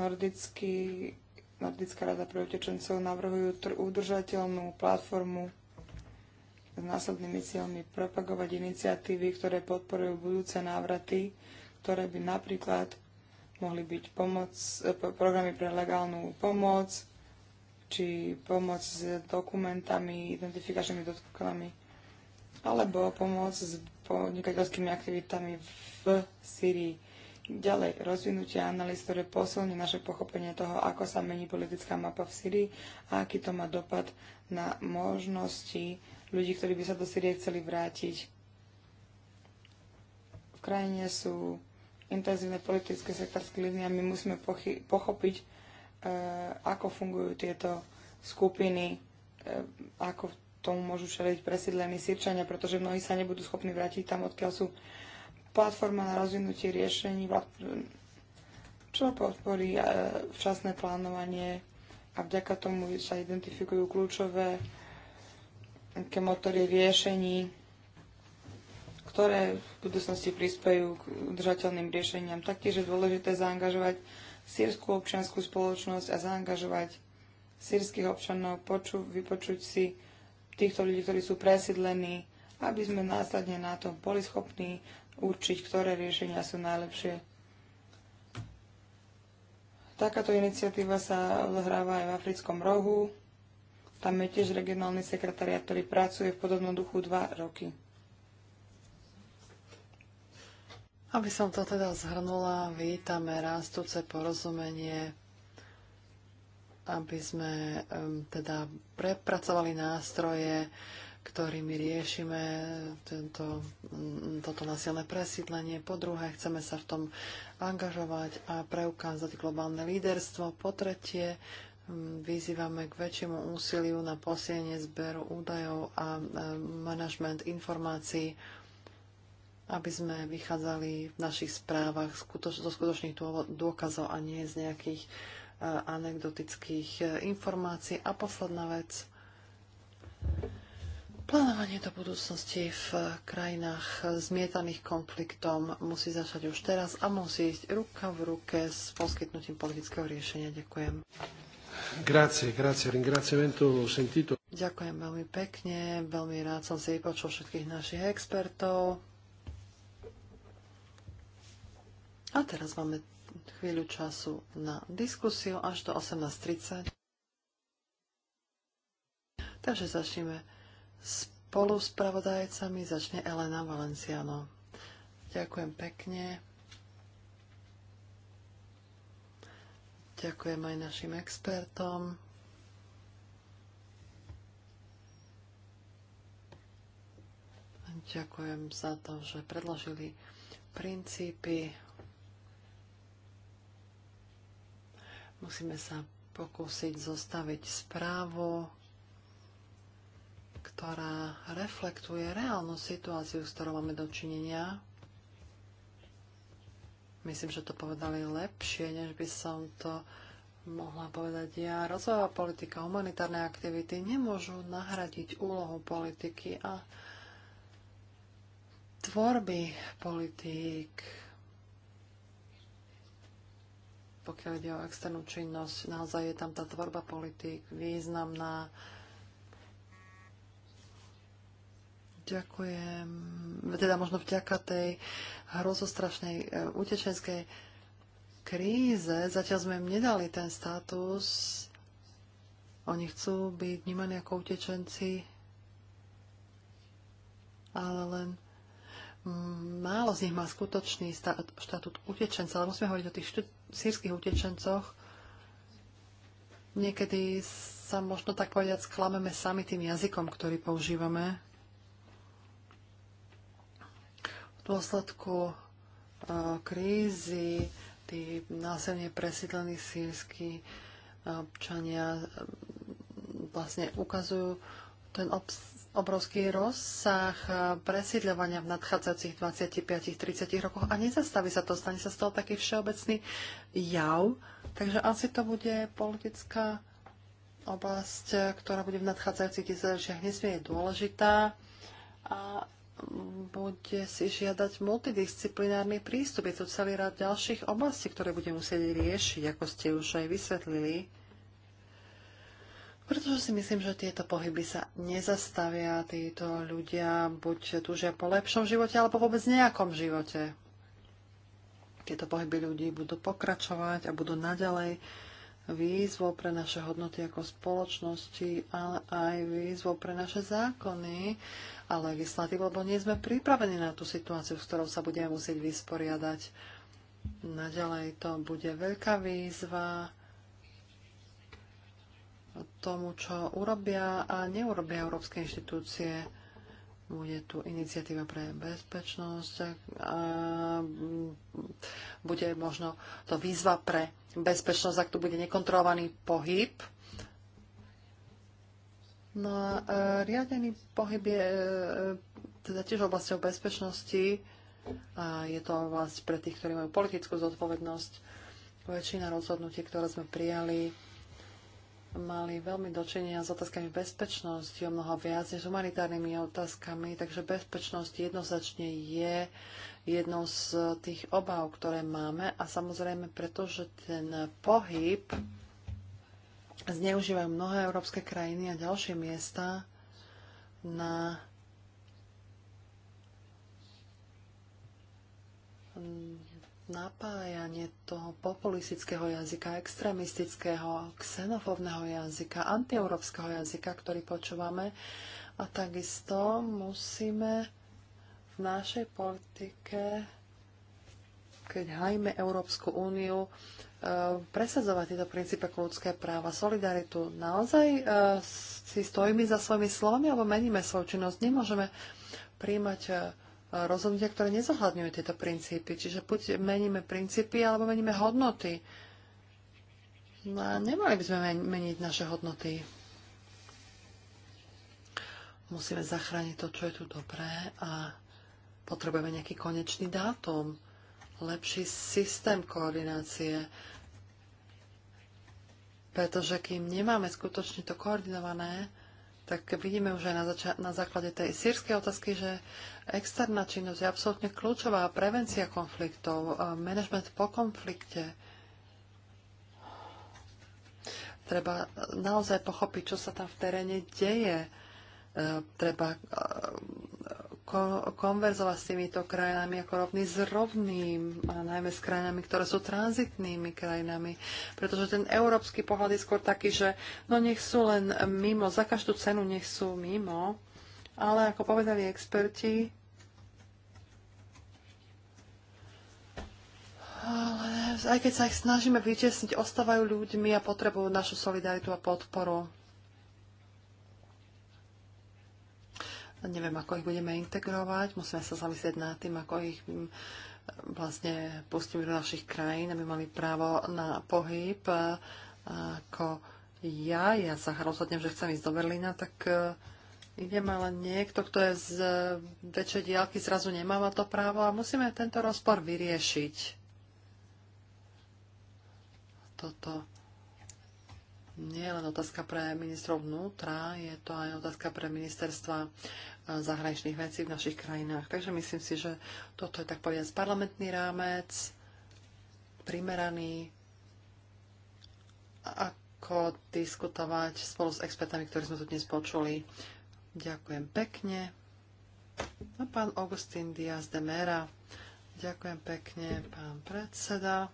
nordický Nordická rada pre utečencov navrhujú udržateľnú platformu s následnými cieľmi propagovať iniciatívy, ktoré podporujú budúce návraty, ktoré by napríklad mohli byť pomoc, eh, programy pre legálnu pomoc, či pomoc s dokumentami, identifikačnými dokumentami, alebo pomoc s podnikateľskými aktivitami v Syrii. Ďalej, rozvinutie analýz, ktoré posilní naše pochopenie toho, ako sa mení politická mapa v Syrii a aký to má dopad na možnosti ľudí, ktorí by sa do Syrie chceli vrátiť. V krajine sú intenzívne politické sektárske línie a my musíme pochopiť, e, ako fungujú tieto skupiny, e, ako tomu môžu čeliť presídlení Sirčania, pretože mnohí sa nebudú schopní vrátiť tam, odkiaľ sú platforma na rozvinutie riešení, čo podporí e, včasné plánovanie a vďaka tomu sa identifikujú kľúčové motory riešení, ktoré v budúcnosti prispejú k udržateľným riešeniam. Taktiež je dôležité zaangažovať sírskú občianskú spoločnosť a zaangažovať sírskych občanov, poču, vypočuť si týchto ľudí, ktorí sú presídlení, aby sme následne na to boli schopní určiť, ktoré riešenia sú najlepšie. Takáto iniciatíva sa odohráva aj v Africkom rohu. Tam je tiež regionálny sekretariat, ktorý pracuje v podobnom duchu dva roky. Aby som to teda zhrnula, vítame rastúce porozumenie, aby sme um, teda prepracovali nástroje, ktorými riešime tento, mm, toto nasilné presídlenie. Po druhé, chceme sa v tom angažovať a preukázať globálne líderstvo. Po tretie, mm, vyzývame k väčšiemu úsiliu na posienie zberu údajov a e, manažment informácií, aby sme vychádzali v našich správach zo skutočných dôkazov a nie z nejakých e, anekdotických e, informácií. A posledná vec, Plánovanie do budúcnosti v krajinách zmietaných konfliktom musí začať už teraz a musí ísť ruka v ruke s poskytnutím politického riešenia. Ďakujem. Grazie, grazie, ringraziamento sentito. Ďakujem veľmi pekne, veľmi rád som si počul všetkých našich expertov. A teraz máme chvíľu času na diskusiu až do 18.30. Takže začneme Spolu s pravodajcami začne Elena Valenciano. Ďakujem pekne. Ďakujem aj našim expertom. Ďakujem za to, že predložili princípy. Musíme sa pokúsiť zostaviť správu, ktorá reflektuje reálnu situáciu, s ktorou máme dočinenia. Myslím, že to povedali lepšie, než by som to mohla povedať ja. Rozvojová politika, humanitárne aktivity nemôžu nahradiť úlohu politiky a tvorby politík pokiaľ ide o externú činnosť, naozaj je tam tá tvorba politik významná. Ďakujem. Teda možno vďaka tej hrozostrašnej e, utečenskej kríze zatiaľ sme im nedali ten status. Oni chcú byť vnímaní ako utečenci, ale len mm, málo z nich má skutočný štatút utečenca, ale musíme hovoriť o tých sírskych utečencoch. Niekedy sa možno tak povedať sklameme sami tým jazykom, ktorý používame. dôsledku e, krízy tí násilne presídlení sírsky e, občania e, vlastne ukazujú ten obrovský rozsah presídľovania v nadchádzajúcich 25-30 rokoch a nezastaví sa to, stane sa z toho taký všeobecný jav. Takže asi to bude politická oblasť, ktorá bude v nadchádzajúcich desaťročiach nesmierne dôležitá a bude si žiadať multidisciplinárny prístup. Je tu celý rád ďalších oblastí, ktoré bude musieť riešiť, ako ste už aj vysvetlili. Pretože si myslím, že tieto pohyby sa nezastavia. Títo ľudia buď túžia po lepšom živote, alebo vôbec nejakom živote. Tieto pohyby ľudí budú pokračovať a budú naďalej výzvou pre naše hodnoty ako spoločnosti, ale aj výzvou pre naše zákony a legislatívu, lebo nie sme pripravení na tú situáciu, s ktorou sa budeme musieť vysporiadať. Naďalej to bude veľká výzva tomu, čo urobia a neurobia európske inštitúcie bude tu iniciatíva pre bezpečnosť a bude možno to výzva pre bezpečnosť, ak tu bude nekontrolovaný pohyb. No a e, riadený pohyb je e, teda tiež oblasťou bezpečnosti a je to oblasť pre tých, ktorí majú politickú zodpovednosť. Väčšina rozhodnutí, ktoré sme prijali, mali veľmi dočinenia s otázkami bezpečnosti, o mnoho viac než humanitárnymi otázkami, takže bezpečnosť jednoznačne je jednou z tých obav, ktoré máme a samozrejme preto, že ten pohyb zneužívajú mnohé európske krajiny a ďalšie miesta na napájanie toho populistického jazyka, extremistického, xenofóbneho jazyka, antieurópskeho jazyka, ktorý počúvame. A takisto musíme v našej politike, keď hajme Európsku úniu, e, presadzovať tieto princípy ako ľudské práva, solidaritu. Naozaj e, si stojíme za svojimi slovami alebo meníme svoju činnosť. Nemôžeme príjmať e, rozhodnutia, ktoré nezohľadňujú tieto princípy. Čiže buď meníme princípy, alebo meníme hodnoty. No a nemali by sme meniť naše hodnoty. Musíme zachrániť to, čo je tu dobré a potrebujeme nejaký konečný dátum, lepší systém koordinácie, pretože kým nemáme skutočne to koordinované, tak vidíme už aj na, zača- na základe tej sírskej otázky, že externá činnosť je absolútne kľúčová. Prevencia konfliktov, manažment po konflikte. Treba naozaj pochopiť, čo sa tam v teréne deje. E, treba e, ko- konverzovať s týmito krajinami ako rovný s rovným, a najmä s krajinami, ktoré sú tranzitnými krajinami. Pretože ten európsky pohľad je skôr taký, že no nech sú len mimo, za každú cenu nech sú mimo. Ale ako povedali experti, ale aj keď sa ich snažíme vyčesniť, ostávajú ľuďmi a potrebujú našu solidaritu a podporu. Neviem, ako ich budeme integrovať. Musíme sa zamyslieť nad tým, ako ich mm, vlastne pustíme do našich krajín, aby mali právo na pohyb. Ako ja, ja sa rozhodnem, že chcem ísť do Berlína, tak e, idem, ale niekto, kto je z e, väčšej diálky, zrazu nemá to právo a musíme tento rozpor vyriešiť. Toto nie je len otázka pre ministrov vnútra, je to aj otázka pre ministerstva e, zahraničných vecí v našich krajinách. Takže myslím si, že toto je tak povedať parlamentný rámec, primeraný, ako diskutovať spolu s expertami, ktorí sme tu dnes počuli. Ďakujem pekne. A pán Augustín Diaz de Mera. Ďakujem pekne, pán predseda.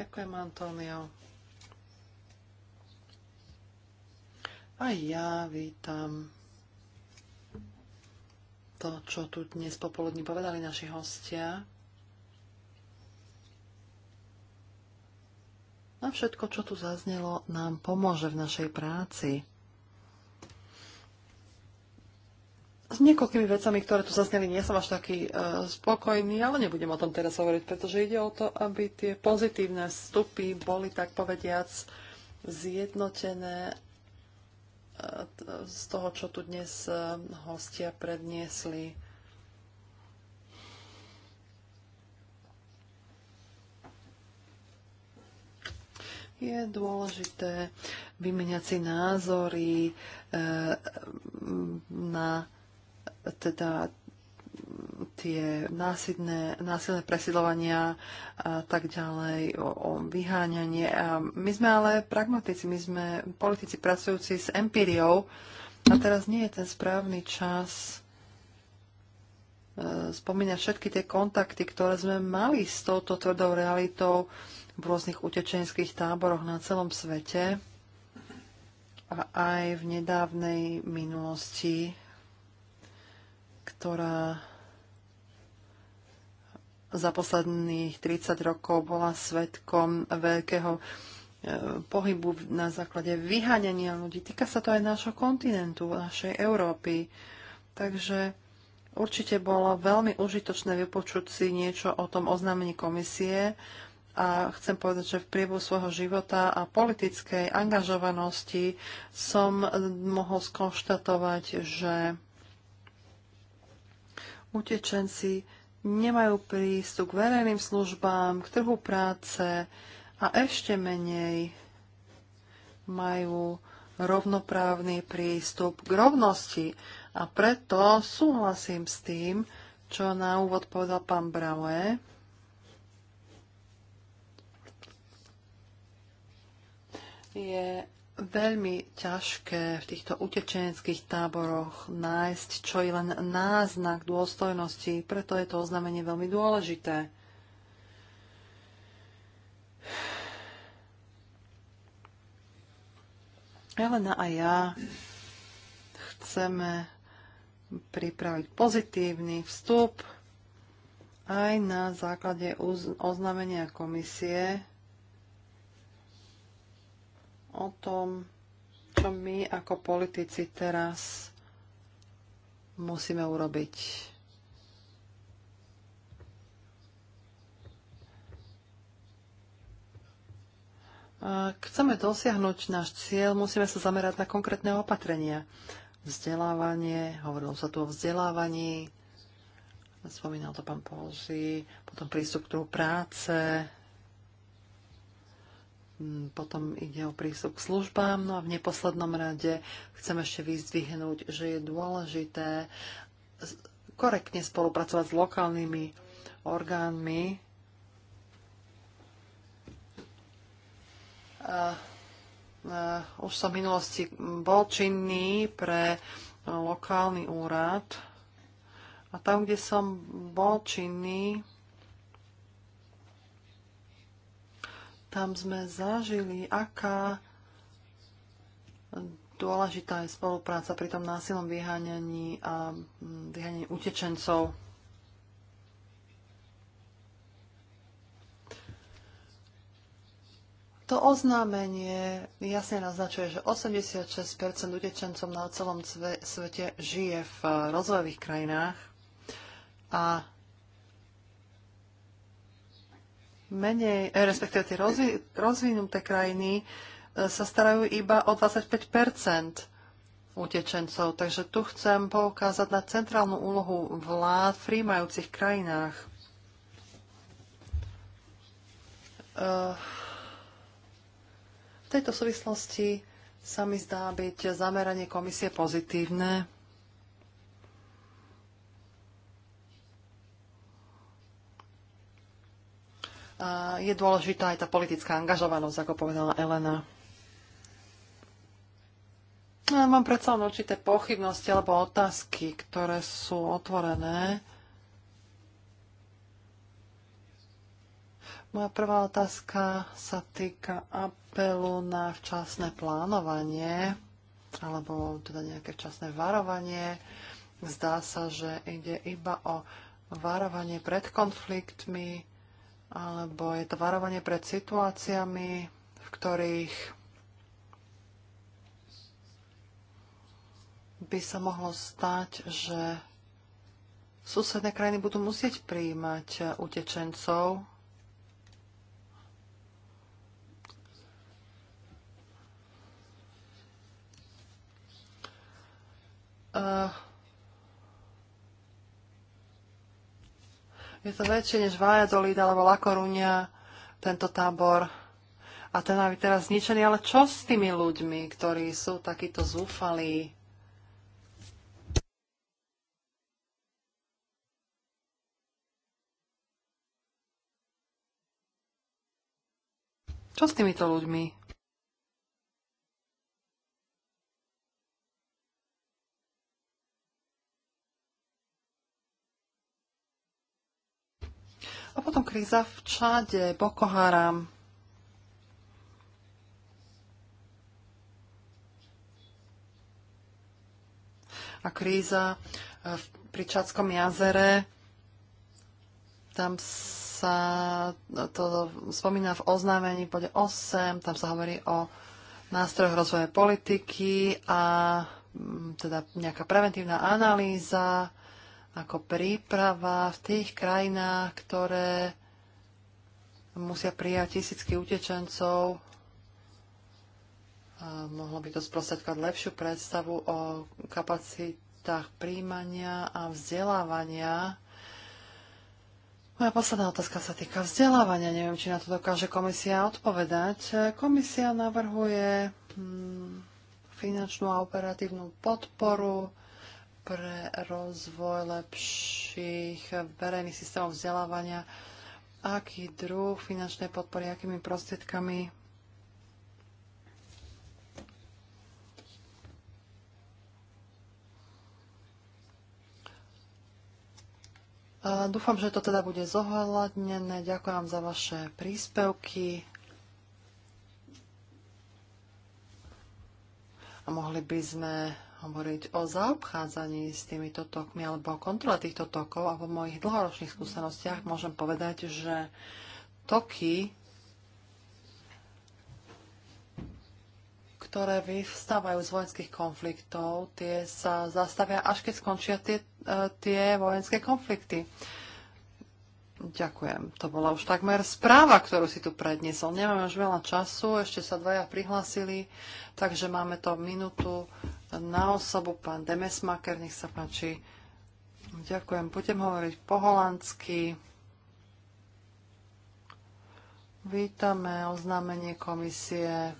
Ďakujem, Antonio. A ja vítam to, čo tu dnes popoludní povedali naši hostia. A všetko, čo tu zaznelo, nám pomôže v našej práci. S niekoľkými vecami, ktoré tu zazneli, nie som až taký e, spokojný, ale nebudem o tom teraz hovoriť, pretože ide o to, aby tie pozitívne vstupy boli, tak povediac, zjednotené z toho, čo tu dnes eh, hostia predniesli. Je dôležité vymeniať si názory eh, na teda tie násilné, násilné presidlovania a tak ďalej, o, o vyháňanie. A my sme ale pragmatici, my sme politici pracujúci s empíriou a teraz nie je ten správny čas e, spomínať všetky tie kontakty, ktoré sme mali s touto tvrdou realitou v rôznych utečenských táboroch na celom svete a aj v nedávnej minulosti, ktorá za posledných 30 rokov bola svetkom veľkého e, pohybu na základe vyhánenia ľudí. Týka sa to aj nášho kontinentu, našej Európy. Takže určite bolo veľmi užitočné vypočuť si niečo o tom oznámení komisie a chcem povedať, že v priebehu svojho života a politickej angažovanosti som mohol skonštatovať, že utečenci nemajú prístup k verejným službám, k trhu práce a ešte menej majú rovnoprávny prístup k rovnosti. A preto súhlasím s tým, čo na úvod povedal pán Braue. Je veľmi ťažké v týchto utečenských táboroch nájsť čo je len náznak dôstojnosti, preto je to oznámenie veľmi dôležité. Elena a ja chceme pripraviť pozitívny vstup aj na základe oznámenia komisie o tom, čo my ako politici teraz musíme urobiť. Ak chceme dosiahnuť náš cieľ, musíme sa zamerať na konkrétne opatrenia. Vzdelávanie, hovorilo sa tu o vzdelávaní, spomínal to pán Polži, potom prístup k práce, Mm, potom ide o prístup k službám. No a v neposlednom rade chcem ešte vyzdvihnúť, že je dôležité korektne spolupracovať s lokálnymi orgánmi. už som v minulosti bol činný pre lokálny úrad a tam, kde som bol činný, Tam sme zažili, aká dôležitá je spolupráca pri tom násilnom vyháňaní a vyháňaní utečencov. To oznámenie jasne naznačuje, že 86 utečencov na celom svete žije v eh, rozvojových krajinách a menej, eh, respektíve tie rozvi, rozvinuté krajiny eh, sa starajú iba o 25 utečencov. Takže tu chcem poukázať na centrálnu úlohu vlád v príjmajúcich krajinách. Eh, v tejto súvislosti sa mi zdá byť zameranie komisie pozitívne. je dôležitá aj tá politická angažovanosť, ako povedala Elena. Ja mám predsa len určité pochybnosti alebo otázky, ktoré sú otvorené. Moja prvá otázka sa týka apelu na včasné plánovanie alebo teda nejaké včasné varovanie. Zdá sa, že ide iba o varovanie pred konfliktmi, alebo je to varovanie pred situáciami, v ktorých by sa mohlo stať, že susedné krajiny budú musieť prijímať utečencov. Uh, Je to väčšie než Valladolid alebo La Coruña, tento tábor. A ten aby teraz zničený, ale čo s tými ľuďmi, ktorí sú takíto zúfalí? Čo s týmito ľuďmi? A potom kríza v Čade, Boko Haram. A kríza e, pri Čadskom jazere. Tam sa no, to spomína v oznámení bode 8, tam sa hovorí o nástrojoch rozvoja politiky a mm, teda nejaká preventívna analýza ako príprava v tých krajinách, ktoré musia prijať tisícky utečencov. A mohlo by to sprostredkovať lepšiu predstavu o kapacitách príjmania a vzdelávania. Moja posledná otázka sa týka vzdelávania. Neviem, či na to dokáže komisia odpovedať. Komisia navrhuje hm, finančnú a operatívnu podporu pre rozvoj lepších verejných systémov vzdelávania, aký druh finančnej podpory, akými prostriedkami Dúfam, že to teda bude zohľadnené. Ďakujem za vaše príspevky. A mohli by sme hovoriť o zaobchádzaní s týmito tokmi alebo o kontrole týchto tokov a vo mojich dlhoročných skúsenostiach môžem povedať, že toky, ktoré vyvstávajú z vojenských konfliktov, tie sa zastavia až keď skončia tie, e, tie vojenské konflikty. Ďakujem. To bola už takmer správa, ktorú si tu predniesol. Nemáme už veľa času, ešte sa dvaja prihlasili, takže máme to minútu na osobu. Pán Demesmaker, nech sa páči. Ďakujem. Budem hovoriť po holandsky. Vítame oznámenie komisie.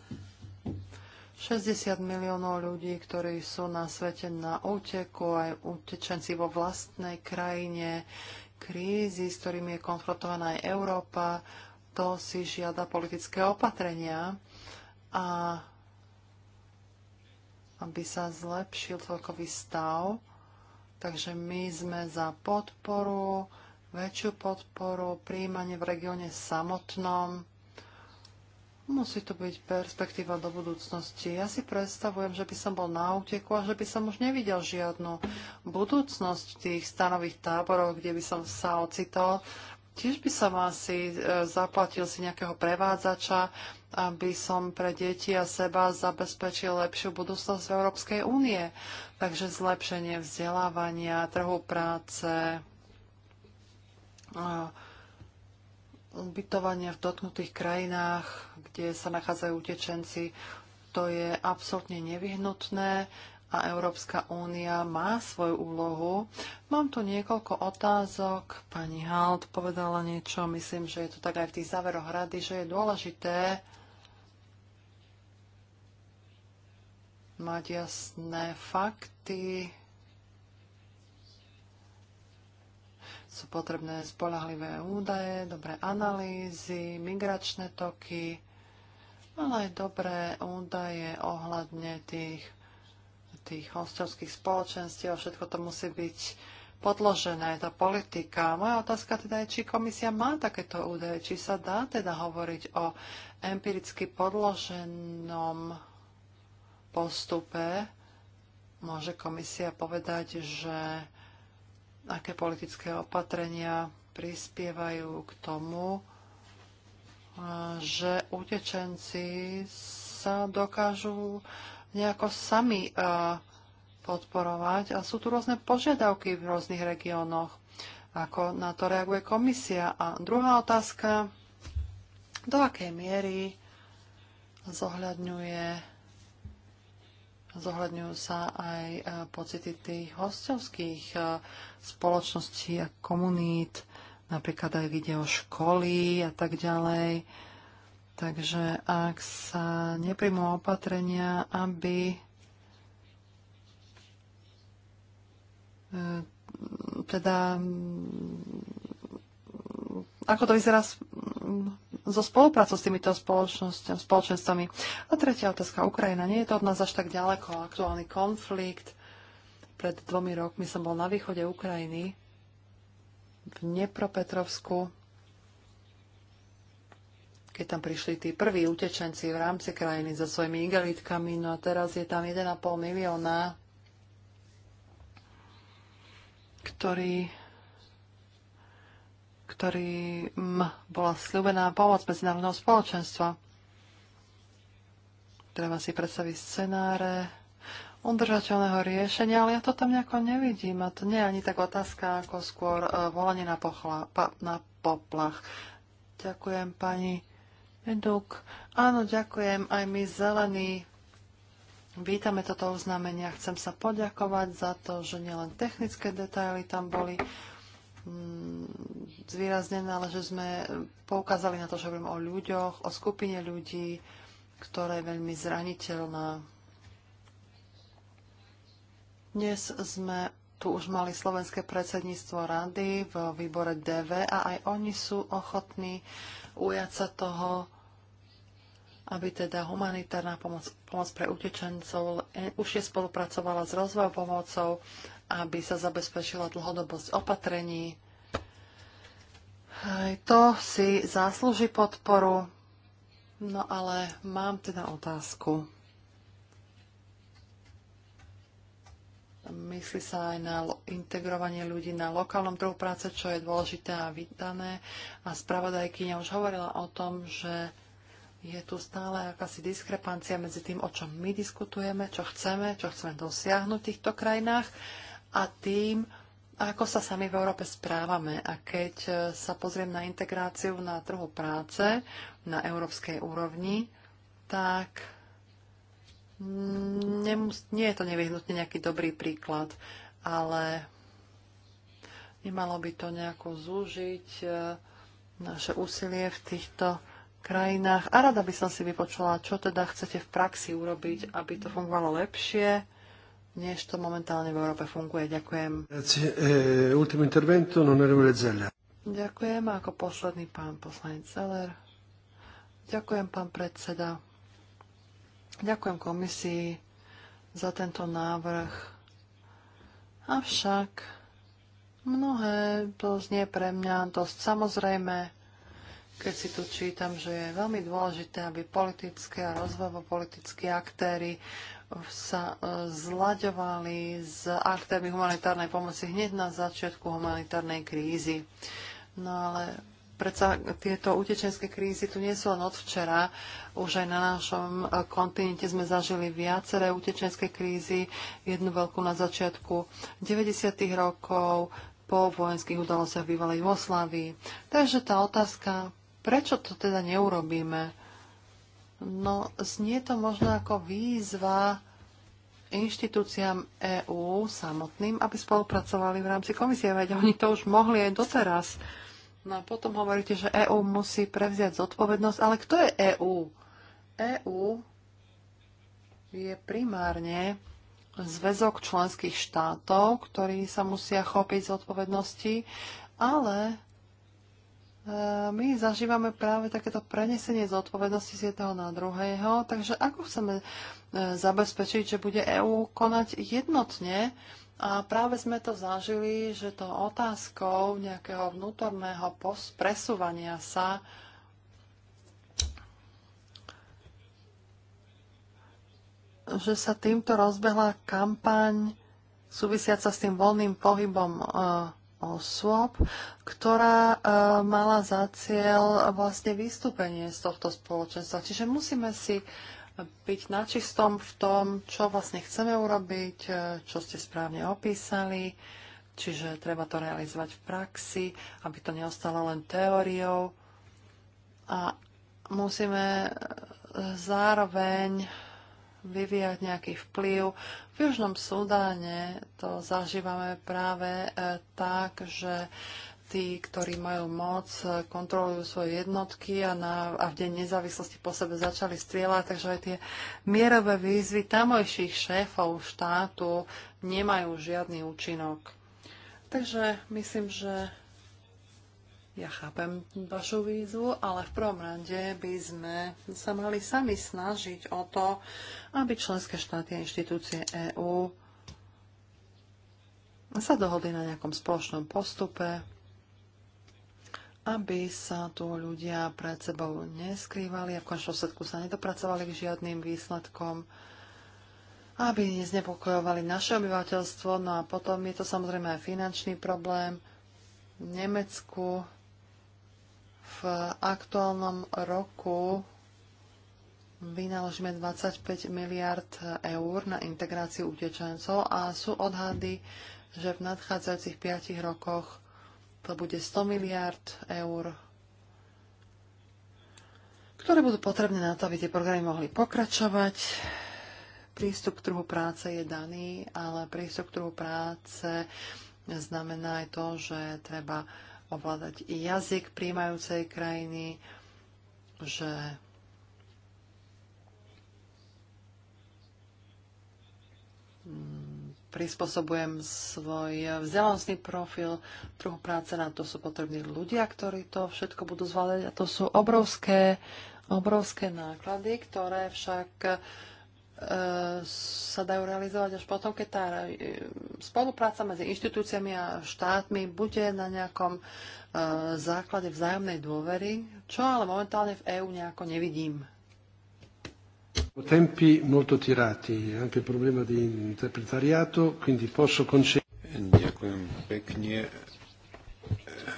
60 miliónov ľudí, ktorí sú na svete na úteku, aj utečenci vo vlastnej krajine, krízy, s ktorými je konfrontovaná aj Európa, to si žiada politické opatrenia. A aby sa zlepšil celkový stav. Takže my sme za podporu, väčšiu podporu, príjmanie v regióne samotnom. Musí to byť perspektíva do budúcnosti. Ja si predstavujem, že by som bol na úteku a že by som už nevidel žiadnu budúcnosť v tých stanových táborov, kde by som sa ocitol Tiež by som asi e, zaplatil si nejakého prevádzača, aby som pre deti a seba zabezpečil lepšiu budúcnosť v Európskej únie. Takže zlepšenie vzdelávania, trhu práce, ubytovania v dotknutých krajinách, kde sa nachádzajú utečenci, to je absolútne nevyhnutné a Európska únia má svoju úlohu. Mám tu niekoľko otázok. Pani Halt povedala niečo, myslím, že je to tak aj v tých záveroch rady, že je dôležité mať jasné fakty, sú potrebné spolahlivé údaje, dobré analýzy, migračné toky, ale aj dobré údaje ohľadne tých tých hostovských spoločenstiev, všetko to musí byť podložené, je to politika. Moja otázka teda je, či komisia má takéto údaje, či sa dá teda hovoriť o empiricky podloženom postupe. Môže komisia povedať, že aké politické opatrenia prispievajú k tomu, že utečenci sa dokážu nejako sami e, podporovať. A sú tu rôzne požiadavky v rôznych regiónoch, ako na to reaguje komisia. A druhá otázka, do akej miery zohľadňuje zohľadňujú sa aj e, pocity tých hostovských e, spoločností a komunít, napríklad aj ide o školy a tak ďalej. Takže ak sa nepríjmú opatrenia, aby e, teda ako to vyzerá so spoluprácou s týmito spoločenstvami. A tretia otázka, Ukrajina. Nie je to od nás až tak ďaleko. Aktuálny konflikt. Pred dvomi rokmi som bol na východe Ukrajiny v Nepropetrovsku keď tam prišli tí prví utečenci v rámci krajiny so svojimi igelitkami, no a teraz je tam 1,5 milióna, ktorý m, bola slúbená pomoc medzinárodného spoločenstva. Treba si predstaviť scenáre udržateľného riešenia, ale ja to tam nejako nevidím a to nie je ani tak otázka, ako skôr e, volanie na, pochla, pa, na poplach. Ďakujem pani Áno, ďakujem. Aj my zelení vítame toto oznámenie. Chcem sa poďakovať za to, že nielen technické detaily tam boli mm, zvýraznené, ale že sme poukázali na to, že hovorím o ľuďoch, o skupine ľudí, ktorá je veľmi zraniteľná. Dnes sme tu už mali slovenské predsedníctvo rady v výbore DV a aj oni sú ochotní ujať sa toho aby teda humanitárna pomoc, pomoc pre utečencov e, už je spolupracovala s rozvojou pomocou, aby sa zabezpečila dlhodobosť opatrení. Aj to si zaslúži podporu, no ale mám teda otázku. Myslí sa aj na integrovanie ľudí na lokálnom trhu práce, čo je dôležité a vydané. A spravodajkyňa už hovorila o tom, že je tu stále akási diskrepancia medzi tým, o čom my diskutujeme, čo chceme, čo chceme dosiahnuť v týchto krajinách a tým, ako sa sami v Európe správame. A keď e, sa pozriem na integráciu na trhu práce na európskej úrovni, tak mm, nemus- nie je to nevyhnutne nejaký dobrý príklad, ale nemalo by to nejako zúžiť e, naše úsilie v týchto krajinách. A rada by som si vypočula, čo teda chcete v praxi urobiť, aby to fungovalo lepšie, než to momentálne v Európe funguje. Ďakujem. Eh, Ďakujem ako posledný pán poslanec Zeller. Ďakujem, pán predseda. Ďakujem komisii za tento návrh. Avšak mnohé to znie pre mňa dosť samozrejme keď si tu čítam, že je veľmi dôležité, aby politické a rozvojovo-politickí aktéry sa e, zlaďovali s aktérmi humanitárnej pomoci hneď na začiatku humanitárnej krízy. No ale predsa tieto utečenské krízy tu nie sú len od včera. Už aj na našom e, kontinente sme zažili viaceré utečenské krízy, jednu veľkú na začiatku 90. rokov, po vojenských udalostiach bývalej Jugoslávii. Takže tá otázka Prečo to teda neurobíme? No, znie to možno ako výzva inštitúciám EÚ samotným, aby spolupracovali v rámci komisie, veď oni to už mohli aj doteraz. No a potom hovoríte, že EÚ musí prevziať zodpovednosť, ale kto je EÚ? EÚ je primárne zväzok členských štátov, ktorí sa musia chopiť zodpovednosti, ale Eh, my zažívame práve takéto prenesenie zodpovednosti z jedného na druhého, takže ako chceme eh, zabezpečiť, že bude EÚ konať jednotne a práve sme to zažili, že to otázkou nejakého vnútorného presúvania sa že sa týmto rozbehla kampaň súvisiaca s tým voľným pohybom eh, osôb, ktorá e, mala za cieľ vlastne vystúpenie z tohto spoločenstva. Čiže musíme si byť načistom v tom, čo vlastne chceme urobiť, e, čo ste správne opísali, čiže treba to realizovať v praxi, aby to neostalo len teóriou a musíme e, zároveň vyvíjať nejaký vplyv. V Južnom Sudáne to zažívame práve e, tak, že tí, ktorí majú moc, e, kontrolujú svoje jednotky a, na, a v deň nezávislosti po sebe začali strieľať, takže aj tie mierové výzvy tamojších šéfov štátu nemajú žiadny účinok. Takže myslím, že ja chápem vašu výzvu, ale v prvom rade by sme sa mali sami snažiť o to, aby členské štáty a inštitúcie EÚ sa dohodli na nejakom spoločnom postupe, aby sa tu ľudia pred sebou neskrývali a v končnom sledku sa nedopracovali k žiadnym výsledkom aby neznepokojovali naše obyvateľstvo. No a potom je to samozrejme aj finančný problém. V Nemecku v aktuálnom roku vynaložíme 25 miliard eur na integráciu utečencov a sú odhady, že v nadchádzajúcich 5 rokoch to bude 100 miliard eur, ktoré budú potrebné na to, aby tie programy mohli pokračovať. Prístup k trhu práce je daný, ale prístup k trhu práce znamená aj to, že treba ovládať i jazyk príjmajúcej krajiny, že mm, prispôsobujem svoj vzdelanostný profil trhu práce, na to sú potrební ľudia, ktorí to všetko budú zvládať a to sú obrovské, obrovské náklady, ktoré však E, sa dajú realizovať až potom, keď tá e, spolupráca medzi inštitúciami a štátmi bude na nejakom e, základe vzájomnej dôvery, čo ale momentálne v EÚ nejako nevidím. Tempi molto tirati, anche il problema di interpretariato, quindi posso concedere. Ďakujem pekne.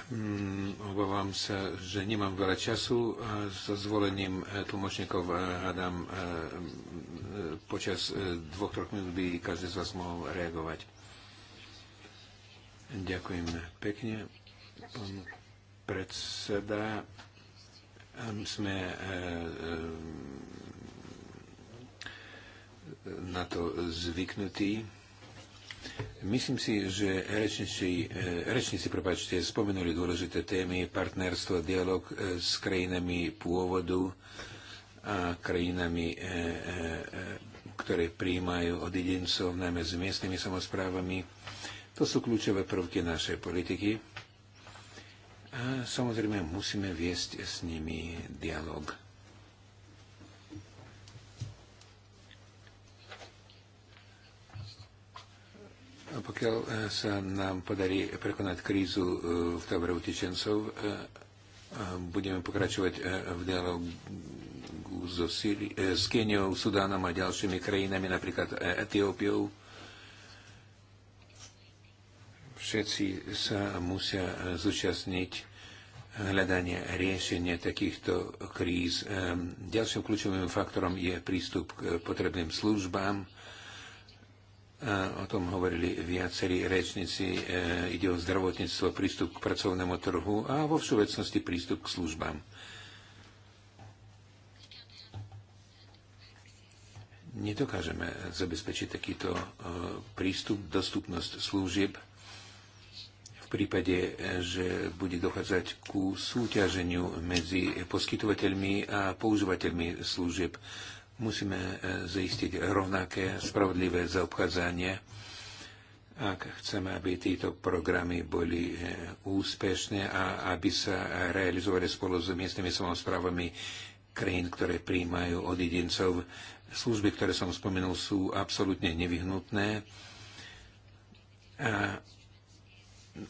Mm, obávam sa, že nemám veľa času. So zvolením e, tlmočníkov e, hádam e, počas dvoch, troch minút by každý z vás mohol reagovať. Ďakujem pekne. Pán predseda, sme na to zvyknutí Myslím si, že eh, rečníci, prepáčte, spomenuli dôležité témy partnerstvo, dialog eh, s krajinami pôvodu a krajinami, eh, ktoré prijímajú od jedincov, najmä s miestnymi samozprávami. To sú kľúčové prvky našej politiky. A samozrejme musíme viesť s nimi dialog. Pokiaľ e, sa nám podarí prekonať krízu e, v tábore utečencov, e, budeme pokračovať v dialogu so Syri- s Keniou, Sudánom a ďalšími krajinami, napríklad Etiópiou. Všetci sa musia zúčastniť hľadanie riešenia takýchto kríz. Ďalším kľúčovým faktorom je prístup k potrebným službám, O tom hovorili viacerí rečníci. E, ide o zdravotníctvo, prístup k pracovnému trhu a vo všeobecnosti prístup k službám. Nedokážeme zabezpečiť takýto e, prístup, dostupnosť služieb v prípade, e, že bude dochádzať ku súťaženiu medzi poskytovateľmi a používateľmi služieb Musíme e, zistiť rovnaké spravodlivé zaobchádzanie, ak chceme, aby títo programy boli e, úspešné a aby sa realizovali spolu s miestnymi samozprávami krajín, ktoré príjmajú od jedincov. Služby, ktoré som spomenul, sú absolútne nevyhnutné. A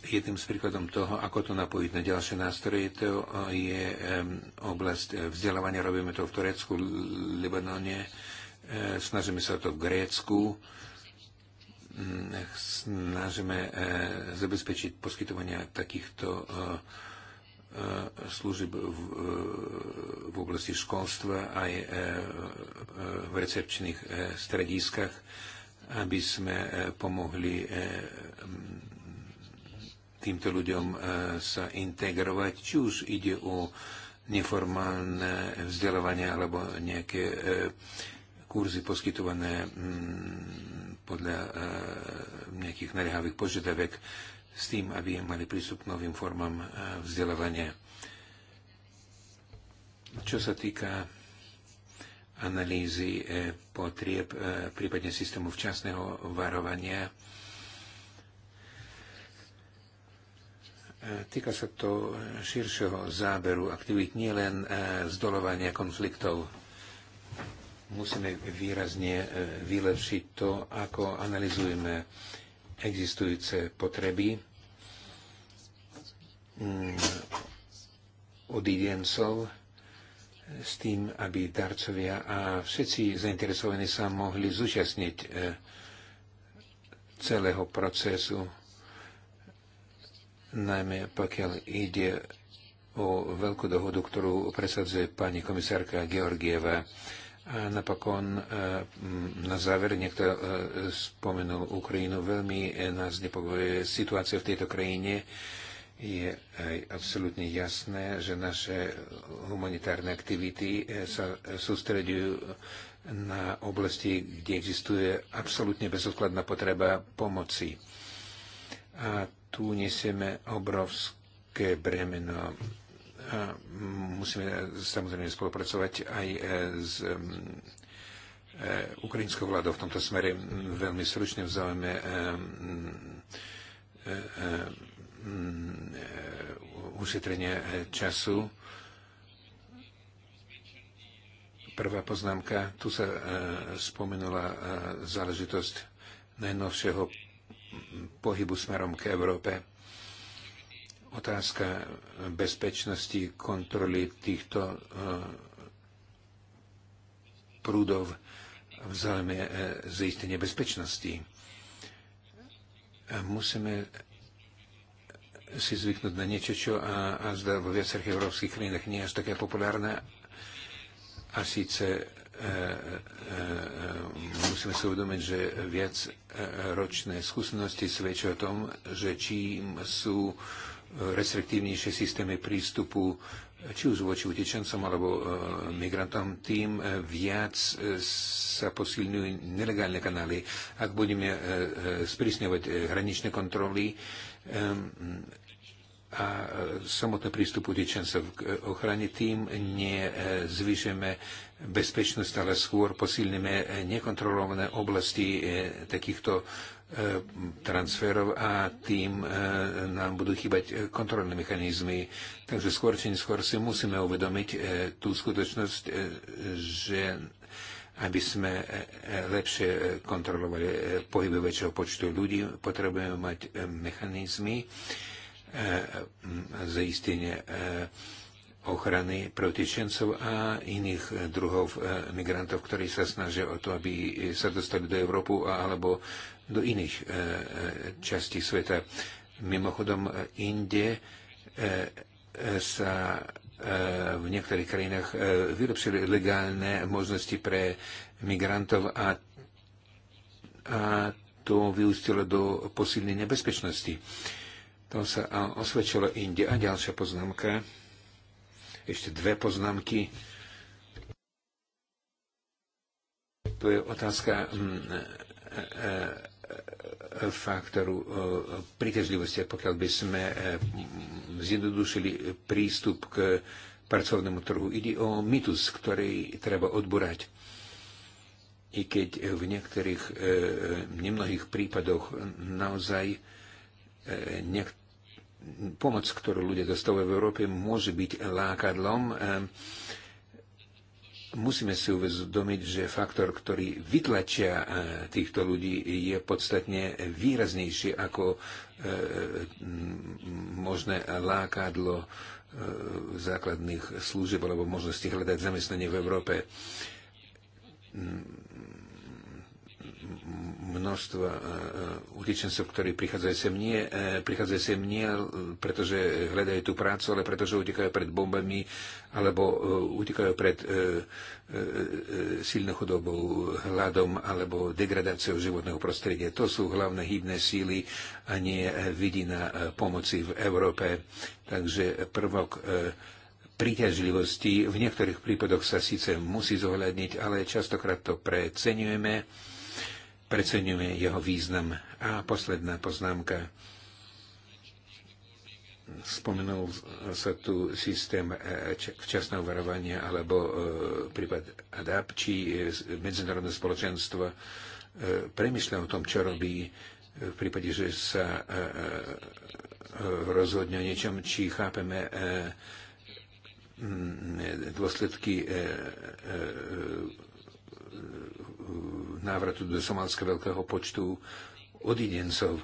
jedným z príkladom toho, ako to napojiť na ďalšie nástroje, to eh, je oblasť eh, vzdelávania. Robíme to v Turecku, Libanone, eh, snažíme sa to v Grécku, mm, snažíme zabezpečiť poskytovania takýchto služieb v, v oblasti školstva aj v recepčných strediskách, aby sme pomohli týmto ľuďom e, sa integrovať, či už ide o neformálne vzdelávanie alebo nejaké e, kurzy poskytované podľa e, nejakých naliehavých požiadavek s tým, aby mali prístup k novým formám vzdelávania. Čo sa týka analýzy potrieb, prípadne systému včasného varovania, E, týka sa to širšieho záberu aktivít, nielen e, zdolovania konfliktov. Musíme výrazne e, vylepšiť to, ako analizujeme existujúce potreby odidencov, mm, s tým, aby darcovia a všetci zainteresovaní sa mohli zúčastniť celého procesu najmä pokiaľ ide o veľkú dohodu, ktorú presadzuje pani komisárka Georgieva. A napokon e, na záver niekto e, spomenul Ukrajinu. Veľmi e, nás nepokojuje situácia v tejto krajine. Je aj absolútne jasné, že naše humanitárne aktivity sa sústredujú na oblasti, kde existuje absolútne bezodkladná potreba pomoci. A tu nesieme obrovské bremeno a musíme samozrejme spolupracovať aj e, s e, ukrajinskou vládou v tomto smere veľmi sručne vzájme e, ušetrenie času. Prvá poznámka, tu sa spomenula záležitosť najnovšieho pohybu smerom k Európe. Otázka bezpečnosti, kontroly týchto e, prúdov v záujme e, bezpečnosti. Musíme si zvyknúť na niečo, čo a, a zda vo viacerých európskych krajinách nie je až také populárne, a síce E, e, e, musíme si uvedomiť, že viac ročné skúsenosti svedčia o tom, že čím sú restriktívnejšie systémy prístupu či už voči utečencom alebo migrantom, tým viac sa posilňujú nelegálne kanály. Ak budeme sprísňovať hraničné kontroly, a e, samotné prístupu utečencov k e, ochrane. Tým nezvyšeme e, bezpečnosť, ale skôr posilníme nekontrolované oblasti takýchto transferov a tým nám budú chýbať kontrolné mechanizmy. Takže skôr či neskôr si musíme uvedomiť tú skutočnosť, že aby sme lepšie kontrolovali pohyby väčšieho počtu ľudí, potrebujeme mať mechanizmy, E, e, zaistenie e, ochrany protičencov a iných druhov migrantov, ktorí sa snažia o to, aby sa dostali do Európu alebo do iných častí sveta. Mimochodom, inde sa v niektorých krajinách vylepšili legálne možnosti pre migrantov a, a to vyústilo do posilnej nebezpečnosti. To sa osvedčilo inde. A ďalšia poznámka. Ešte dve poznámky. To je otázka mm, e, e, e, faktoru príťažlivosti, pokiaľ by sme mm, zjednodušili prístup k pracovnému trhu. Ide o mytus, ktorý treba odburať. I keď v niektorých, nemnohých prípadoch naozaj niekto pomoc, ktorú ľudia dostávajú v Európe, môže byť lákadlom. Musíme si uvedomiť, že faktor, ktorý vytlačia e, týchto ľudí, je podstatne výraznejší ako e, možné lákadlo e, základných služieb alebo možnosti hľadať zamestnanie v Európe množstva e, e, utečencov, ktorí prichádzajú sem nie, e, prichádzajú sem nie, pretože hľadajú tú prácu, ale pretože utekajú pred bombami alebo utekajú pred silnou chudobou, hľadom alebo degradáciou životného prostredia. To sú hlavné hybné síly a nie vidina pomoci v Európe. Takže prvok príťažlivosti v niektorých prípadoch sa síce musí zohľadniť, ale častokrát to preceňujeme Preceňujeme jeho význam. A posledná poznámka. Spomenul sa tu systém e, včasného varovania alebo e, prípad ADAP, či e, medzinárodné spoločenstvo premyšľa o tom, čo robí v prípade, že sa rozhodne o niečom, či chápeme dôsledky návratu do Somálska veľkého počtu odidencov.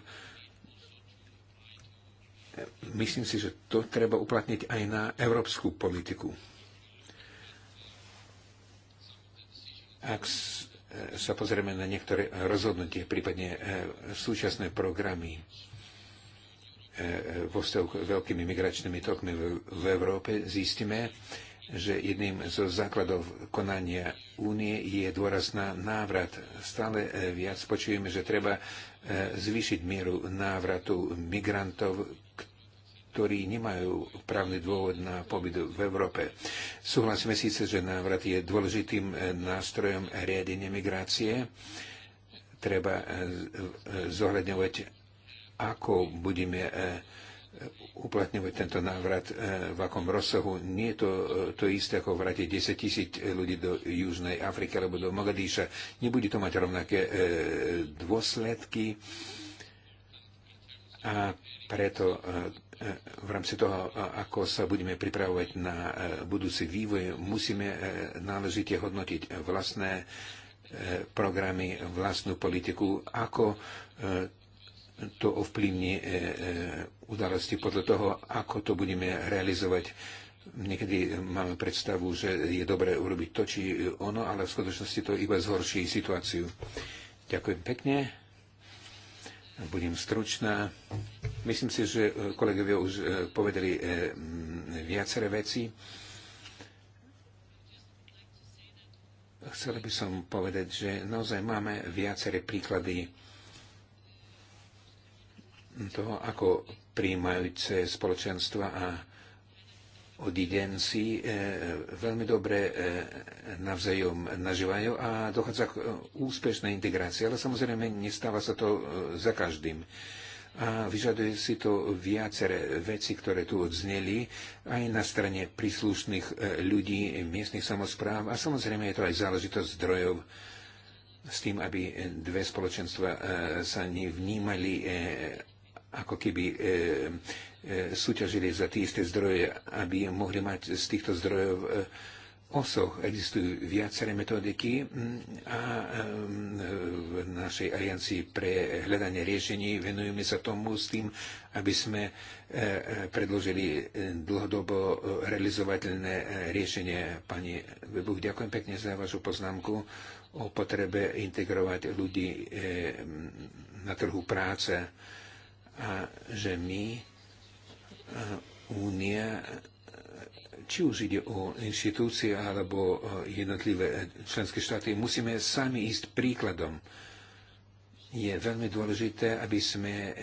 Myslím si, že to treba uplatniť aj na európsku politiku. Ak sa pozrieme na niektoré rozhodnutie, prípadne e, súčasné programy e, e, vo vzťahu k veľkými migračnými tokmi v Európe, zistíme, že jedným zo základov konania únie je dôraz na návrat. Stále e, viac počujeme, že treba e, zvýšiť mieru návratu migrantov, ktorí nemajú právny dôvod na pobyt v Európe. Súhlasíme síce, že návrat je dôležitým e, nástrojom riadenia migrácie. Treba zohľadňovať, ako budeme uplatňovať tento návrat e, v akom rozsahu. Nie je to e, to isté, ako vrátiť 10 tisíc ľudí do Južnej Afriky alebo do Mogadíša. Nebude to mať rovnaké e, dôsledky. A preto v rámci toho, ako sa budeme pripravovať na budúci vývoj, musíme náležite hodnotiť vlastné programy, vlastnú politiku, ako to ovplyvní udalosti podľa toho, ako to budeme realizovať. Niekedy máme predstavu, že je dobré urobiť to či ono, ale v skutočnosti to iba zhorší situáciu. Ďakujem pekne. Budem stručná. Myslím si, že kolegovia už eh, povedali eh, viaceré veci. Chcel by som povedať, že naozaj máme viaceré príklady toho, ako príjmajúce spoločenstva a od si e, veľmi dobre e, navzájom nažívajú a dochádza k e, úspešnej integrácii, ale samozrejme nestáva sa to za každým. A vyžaduje si to viaceré veci, ktoré tu odzneli, aj na strane príslušných ľudí, miestnych samozpráv a samozrejme je to aj záležitosť zdrojov s tým, aby dve spoločenstva sa nevnímali ako keby e, e, súťažili za tie isté zdroje, aby mohli mať z týchto zdrojov e, osoch. Existujú viaceré metodiky a e, v našej aliancii pre hľadanie riešení venujeme sa tomu s tým, aby sme e, e, predložili dlhodobo realizovateľné riešenie. Pani Webuch, ďakujem pekne za vašu poznámku o potrebe integrovať ľudí na trhu práce a že my, e, Únia, e, či už ide o inštitúcie alebo e, jednotlivé členské štáty, musíme sami ísť príkladom. Je veľmi dôležité, aby sme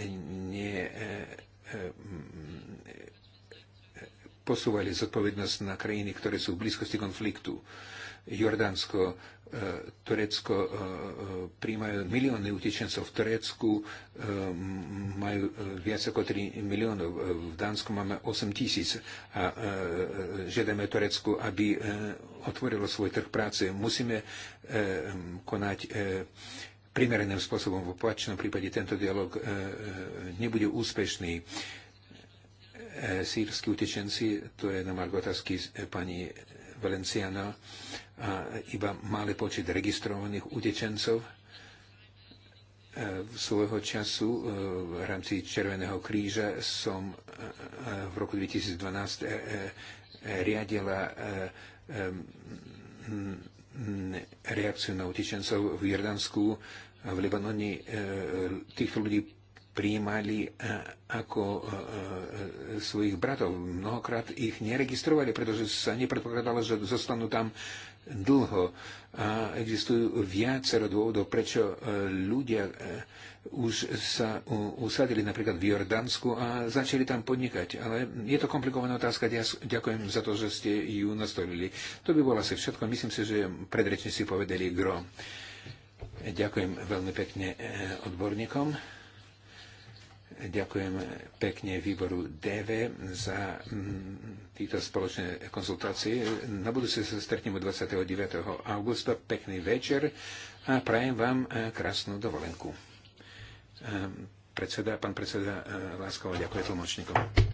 ne, posúvali zodpovednosť na krajiny, ktoré sú v blízkosti konfliktu. Jordánsko, E, Turecko e, e, príjmajú milióny utečencov. V Turecku majú viac ako 3 miliónov. V Dánsku máme 8 tisíc. A žiadame Turecku, aby otvorilo svoj trh práce. Musíme konať primereným spôsobom. V opačnom prípade tento dialog nebude úspešný. Sýrsky utečenci, to je na Margotasky pani Valenciana, iba malý počet registrovaných utečencov v e, svojho času e, v rámci Červeného kríža som e, v roku 2012 riadila reakciu na utečencov v Jordánsku, v Libanoni. Týchto ľudí prijímali ako svojich bratov. Mnohokrát ich neregistrovali, pretože sa nepredpokladalo, že zostanú tam dlho a existujú viacero dôvodov, prečo e, ľudia e, už sa usadili napríklad v Jordánsku a začali tam podnikať. Ale je to komplikovaná otázka. Ja ďakujem za to, že ste ju nastolili. To by bolo asi všetko. Myslím si, že predrečne si povedali gro. Ďakujem veľmi pekne e, odborníkom. Ďakujem pekne výboru DV za mm, tieto spoločné konzultácie. Na budúce sa stretneme 29. augusta. Pekný večer a prajem vám e, krásnu dovolenku. E, predseda, pán predseda e, Láskova, ďakujem tlmočníkom.